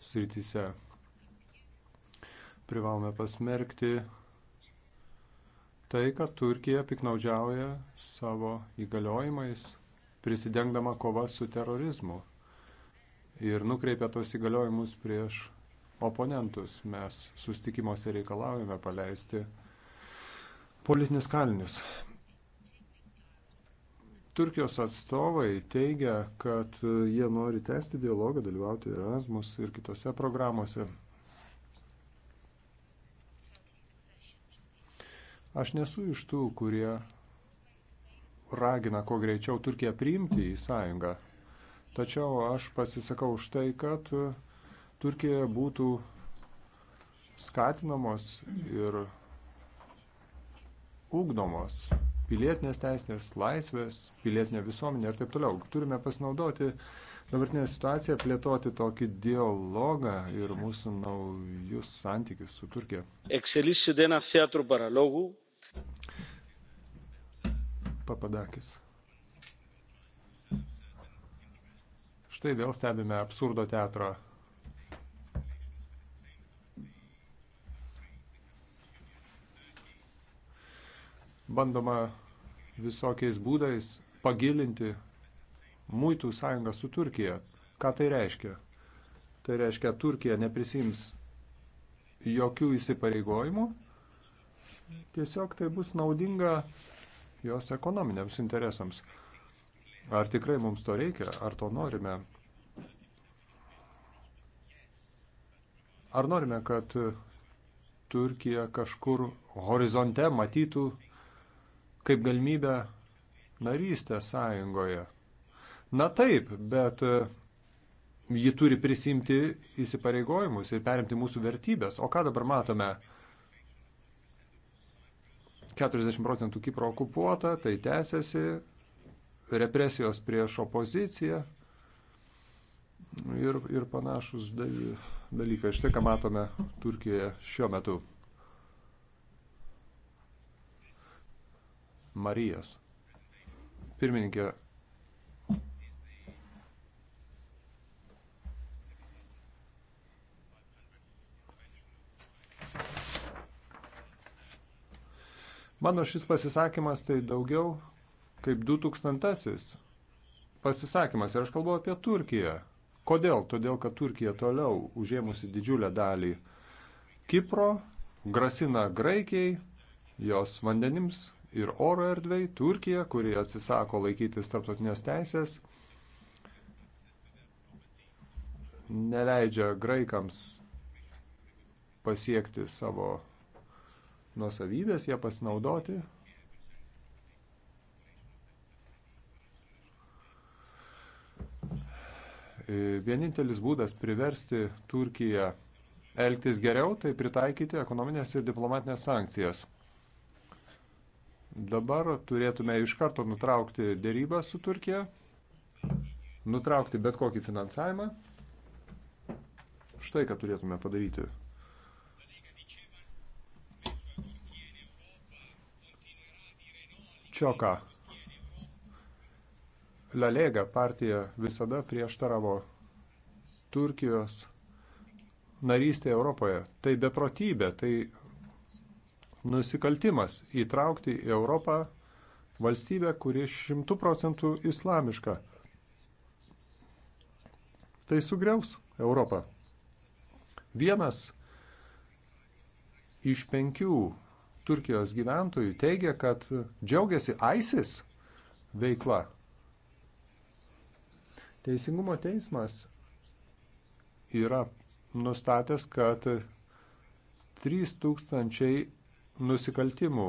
srityse. Privalome pasmerkti tai, kad Turkija piknaudžiauja savo įgaliojimais, prisidengdama kova su terorizmu ir nukreipia tos įgaliojimus prieš oponentus. Mes sustikimuose reikalavome paleisti politinius kalinius. Turkijos atstovai teigia, kad jie nori tęsti dialogą, dalyvauti Erasmus ir kitose programuose. Aš nesu iš tų, kurie ragina kuo greičiau Turkiją priimti į sąjungą. Tačiau aš pasisakau už tai, kad Turkijoje būtų skatinamos ir ugdomos pilietinės teisės, laisvės, pilietinė visuomenė ir taip toliau. Turime pasinaudoti dabartinę situaciją, plėtoti tokį dialogą ir mūsų naujus santykius su Turkija. Εξελίσσει ένα θέατρο παραλόγου. Papadakis. Štai vėl stebime absurdo teatrą bandoma visokiais būdais pagilinti muitų sąjungą su Turkija. Ką tai reiškia? Tai reiškia, Turkija neprisims jokių įsipareigojimų, tiesiog tai bus naudinga jos ekonominiams interesams. Ar tikrai mums to reikia, ar to norime? Ar norime, kad Turkija kažkur horizonte matytų kaip galimybę narystę sąjungoje. Na taip, bet e, ji turi prisimti įsipareigojimus ir perimti mūsų vertybės. O ką dabar matome? 40 procentų Kipro okupuota, tai tęsiasi, represijos prieš opoziciją ir, ir panašus dalykai. Štai ką matome Turkijoje šiuo metu. Marijos. Pirmininkė. Mano šis pasisakymas tai daugiau kaip 2000 pasisakymas ir aš kalbu apie Turkiją. Kodėl? Todėl, kad Turkija toliau užėmusi didžiulę dalį Kipro, grasina Graikijai, jos vandenims, ir oro erdvėj, Turkija, kuri atsisako laikytis tarptautinės teisės, neleidžia graikams pasiekti savo nuosavybės, jie pasinaudoti. Vienintelis būdas priversti Turkiją elgtis geriau, tai pritaikyti ekonominės ir diplomatinės sankcijas. Dabar turėtume iš karto nutraukti dėrybą su Turkija, nutraukti bet kokį finansavimą. Štai ką turėtume padaryti. Čioka. Lalega partija visada prieštaravo Turkijos narystė Europoje. Tai beprotybė, tai nusikaltimas įtraukti į Europą valstybę, kuri šimtų procentų islamiška. Tai sugriaus Europą. Vienas iš penkių Turkijos gyventojų teigia, kad džiaugiasi ISIS veikla. Teisingumo teismas yra nustatęs, kad 3000 nusikaltimų,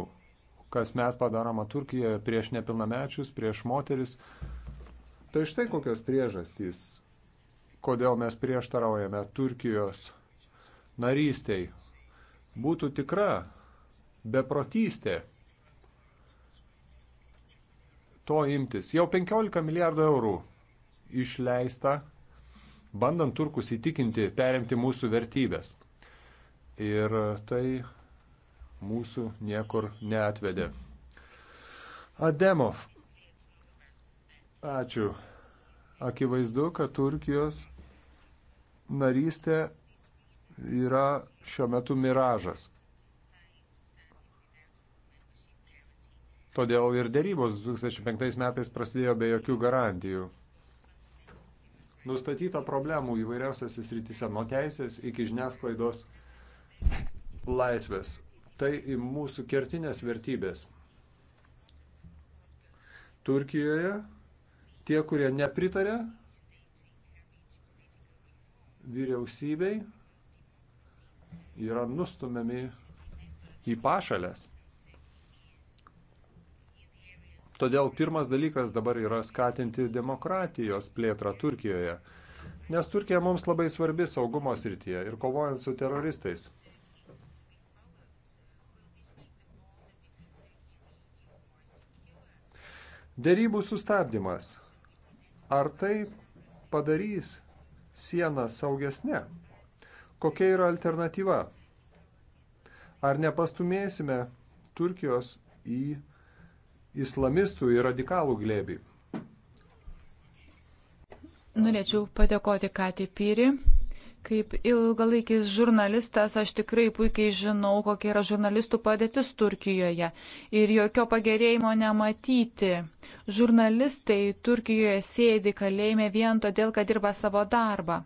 kas mes padaroma Turkijoje prieš nepilnamečius, prieš moteris. Tai štai kokios priežastys, kodėl mes prieštaraujame Turkijos narystiai. Būtų tikra beprotystė to imtis. Jau 15 milijardų eurų išleista, bandant turkus įtikinti perimti mūsų vertybės. Ir tai mūsų niekur neatvedė. Ademov. Ačiū. Akivaizdu, kad Turkijos narystė yra šiuo metu miražas. Todėl ir dėrybos 2005 metais prasidėjo be jokių garantijų. Nustatyta problemų įvairiausiose srityse, nuo teisės iki žiniasklaidos laisvės tai į mūsų kertinės vertybės. Turkijoje tie, kurie nepritarė vyriausybei, yra nustumiami į pašalės. Todėl pirmas dalykas dabar yra skatinti demokratijos plėtrą Turkijoje, nes Turkija mums labai svarbi saugumo srityje ir kovojant su teroristais. Dėrybų sustabdymas. Ar tai padarys sieną saugesnė? Kokia yra alternatyva? Ar nepastumėsime Turkijos į islamistų ir radikalų glėbį? Norėčiau padėkoti Kati Pyri. Kaip ilgalaikis žurnalistas aš tikrai puikiai žinau, kokia yra žurnalistų padėtis Turkijoje ir jokio pagerėjimo nematyti. Žurnalistai Turkijoje sėdi kalėjime vien todėl, kad dirba savo darbą.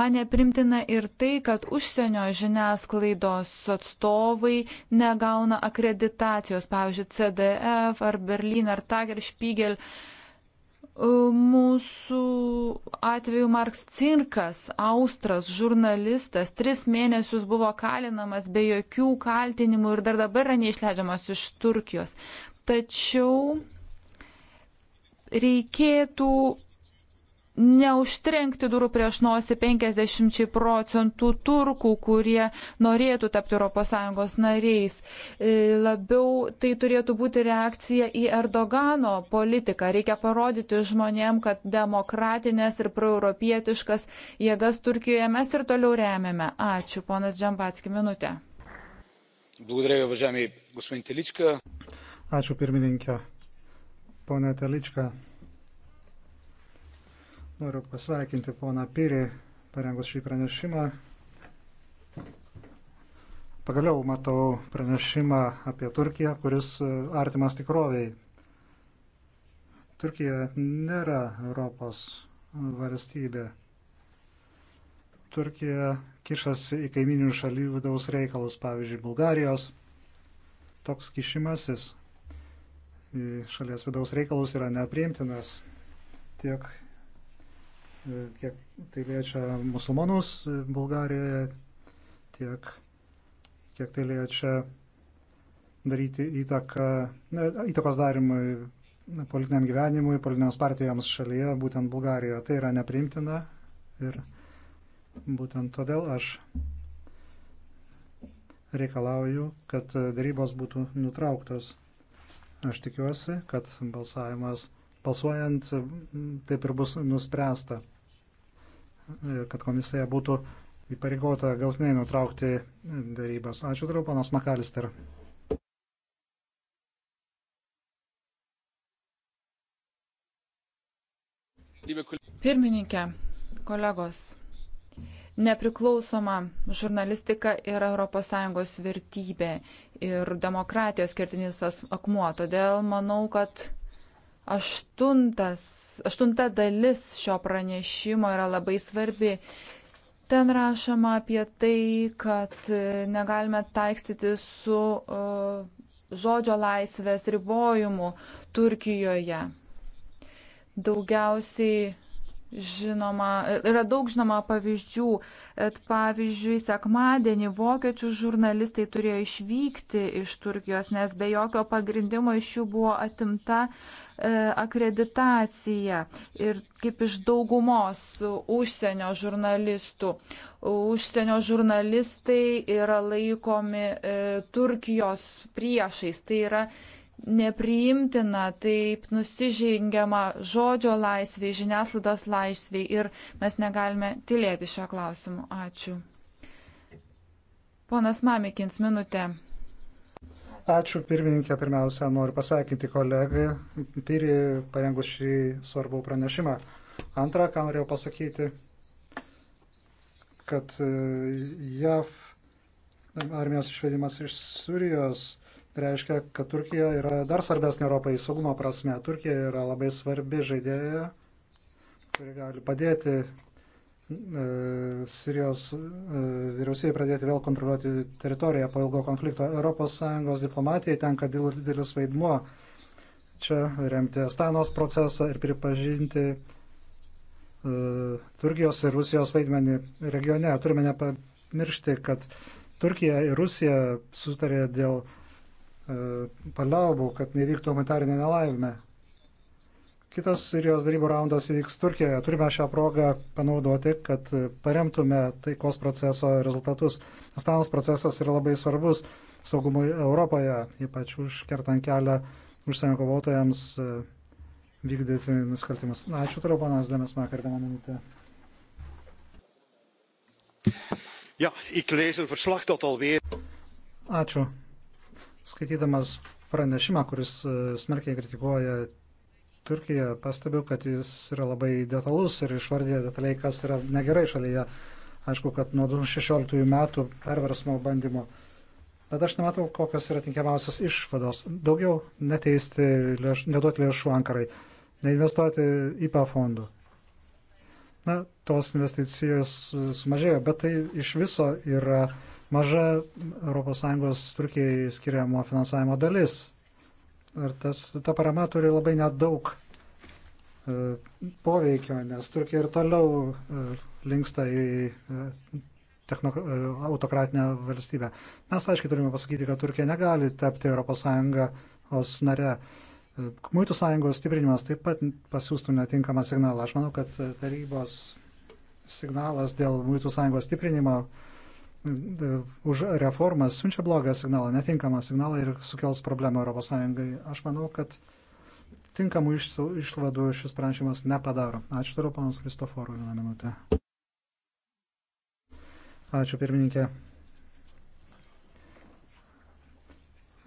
Man neprimtina ir tai, kad užsienio žiniasklaidos atstovai negauna akreditacijos, pavyzdžiui, CDF ar Berlin ar Tager Spiegel. Uh, Mūsų atveju Marks Cirkas, austras žurnalistas, tris mėnesius buvo kalinamas be jokių kaltinimų ir dar dabar yra neišleidžiamas iš Turkijos. Tačiau reikėtų neužtrenkti durų prieš nosį 50 procentų turkų, kurie norėtų tapti ES nariais. E, labiau tai turėtų būti reakcija į Erdogano politiką. Reikia parodyti žmonėm, kad demokratinės ir proeuropietiškas jėgas Turkijoje mes ir toliau remiame. Ačiū, ponas Džambatski, minutę. Ačiū, pirmininkė. Pone Teličką, Noriu pasveikinti poną Pyrį, parengus šį pranešimą. Pagaliau matau pranešimą apie Turkiją, kuris e, artimas tikroviai. Turkija nėra Europos valstybė. Turkija kišasi į kaiminių šalių vidaus reikalus, pavyzdžiui, Bulgarijos. Toks kišimasis į šalies vidaus reikalus yra nepriimtinas tiek kiek tai liečia musulmonus Bulgarijoje, tiek kiek tai liečia daryti įtaką, e, įtakos darimui politiniam gyvenimui, politinėms partijoms šalyje, būtent Bulgarijoje. Tai yra nepriimtina ir būtent todėl aš reikalauju, kad darybos būtų nutrauktos. Aš tikiuosi, kad balsavimas balsuojant taip ir bus nuspręsta kad komisija būtų įpareigota galtinai nutraukti darybas. Ačiū toliau, panas Makalister. Pirmininkė, kolegos, nepriklausoma žurnalistika yra ES vertybė ir demokratijos kertinis akmuo. Todėl manau, kad aštuntas aštunta dalis šio pranešimo yra labai svarbi. Ten rašoma apie tai, kad e, negalime taikstyti su uh, žodžio laisvės ribojimu Turkijoje. Daugiausiai žinoma, e, yra daug žinoma pavyzdžių. Et pavyzdžiui, sekmadienį vokiečių žurnalistai turėjo išvykti iš Turkijos, nes be jokio pagrindimo iš jų buvo atimta E, akreditaciją ir kaip iš daugumos užsienio žurnalistų. Užsienio žurnalistai yra laikomi e, Turkijos priešais. Tai yra nepriimtina, taip nusižengiama žodžio laisviai, žiniasklaidos laisviai ir mes negalime tylėti šio klausimu. Ačiū. Ponas Mamikins, minutė. Ačiū pirmininkė, pirmiausia, noriu pasveikinti kolegą Piri parengus šį svarbų pranešimą. Antra, ką norėjau pasakyti, kad e, JAV armijos išvedimas iš Sirijos reiškia, kad Turkija yra dar svarbesnė Europai saugumo prasme. Turkija yra labai svarbi žaidėja, kuri gali padėti E, Sirijos e, vyriausybė pradėti vėl kontroliuoti teritoriją po ilgo konflikto. ES diplomatijai tenka didelis vaidmuo čia remti Astanos procesą ir pripažinti e, Turkijos ir Rusijos vaidmenį regione. Turime nepamiršti, kad Turkija ir Rusija sutarė dėl paliaubų, kad nevyktų humanitarinė nelaimė. Kitas Sirijos darybų raundas įvyks Turkijoje. Turime šią progą panaudoti, kad paremtume taikos proceso rezultatus. Astanos procesas yra labai svarbus saugumui Europoje, ypač užkertant kelią užsienio kovotojams e, vykdyti nusikaltimus. Ačiū toliau, panas Dėmes Makar, vieną minutę. Ja, ik lees een verslag dat alweer. Ačiū. Skaitydamas pranešimą, kuris e, smarkiai kritikuoja Turkiją, pastebiu, kad jis yra labai detalus ir išvardė detaliai, kas yra negerai šalyje. Aišku, kad nuo 2016 metų perversmo bandymo. Bet aš nematau, kokios yra tinkiamiausios išvados. Daugiau neteisti, lėš, neduoti lėšų Ankarai, neinvestuoti IPA fondų. Na, tos investicijos sumažėjo, bet tai iš viso yra maža ES Turkijai skiriamo finansavimo dalis ar tas, ta parama turi labai nedaug e, poveikio, nes Turkija ir toliau e, linksta į e, techno, e, autokratinę valstybę. Mes aiškiai turime pasakyti, kad Turkija negali tapti ES nare. E, muitų sąjungos stiprinimas taip pat pasiūstų netinkamą signalą. Aš manau, kad tarybos signalas dėl muitų sąjungos stiprinimo už reformas siunčia blogą signalą, netinkamą signalą ir sukels problemą ES. Aš manau, kad tinkamų išvadų šis pranešimas nepadaro. Ačiū toliau, panas Kristoforų, vieną minutę. Ačiū, pirmininkė.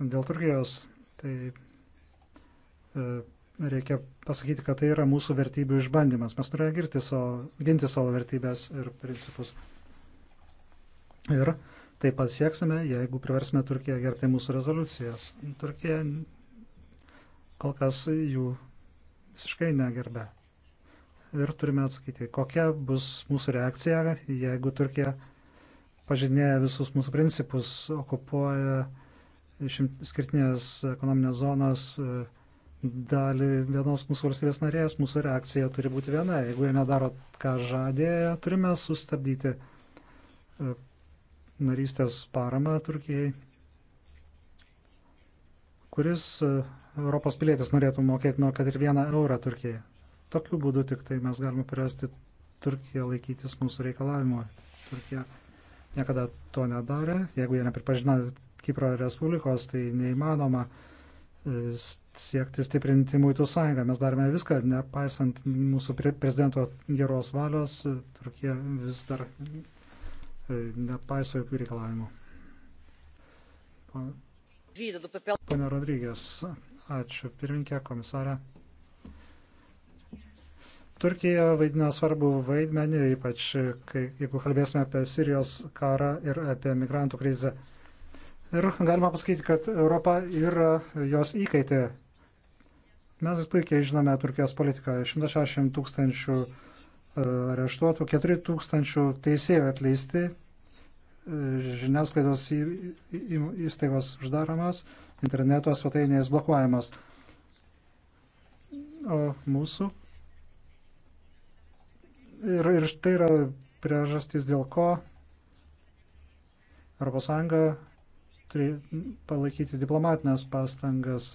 Dėl Turkijos, tai e, reikia pasakyti, kad tai yra mūsų vertybių išbandymas. Mes turime savo, ginti savo vertybės ir principus. Ir tai pasieksime, jeigu priversime Turkiją gerbti mūsų rezoliucijas. Turkija kol kas jų visiškai negerbė. Ir turime atsakyti, kokia bus mūsų reakcija, jeigu Turkija pažinėja visus mūsų principus, okupuoja skirtinės ekonominės zonos dalį vienos mūsų valstybės narės, mūsų reakcija turi būti viena. Jeigu jie nedaro, ką žadėjo, turime sustabdyti narystės paramą Turkijai, kuris e, Europos pilietis norėtų mokėti nuo kad ir vieną eurą Turkijai. Tokiu būdu tik tai mes galime priversti Turkiją laikytis mūsų reikalavimo. Turkija niekada to nedarė. Jeigu jie nepripažino Kipro Respublikos, tai neįmanoma e, siekti stiprinti muitų sąjungą. Mes darome viską, nepaisant mūsų prezidento geros valios, Turkija vis dar Tai nepaiso jokių reikalavimų. Pane Rodrygės, ačiū pirminkė, komisarė. Turkija vaidina svarbu vaidmenį, ypač kai, jeigu kalbėsime apie Sirijos karą ir apie migrantų krizę. Ir galima pasakyti, kad Europa yra jos įkaitė. Mes puikiai žinome Turkijos politiką. 160 tūkstančių 000 areštuotų, 4 tūkstančių teisėjų atleisti, e, žiniasklaidos įstaigos uždaromas, interneto svetainės blokuojamas. O mūsų. Ir, ir tai yra priežastys, dėl ko ES turi palaikyti diplomatinės pastangas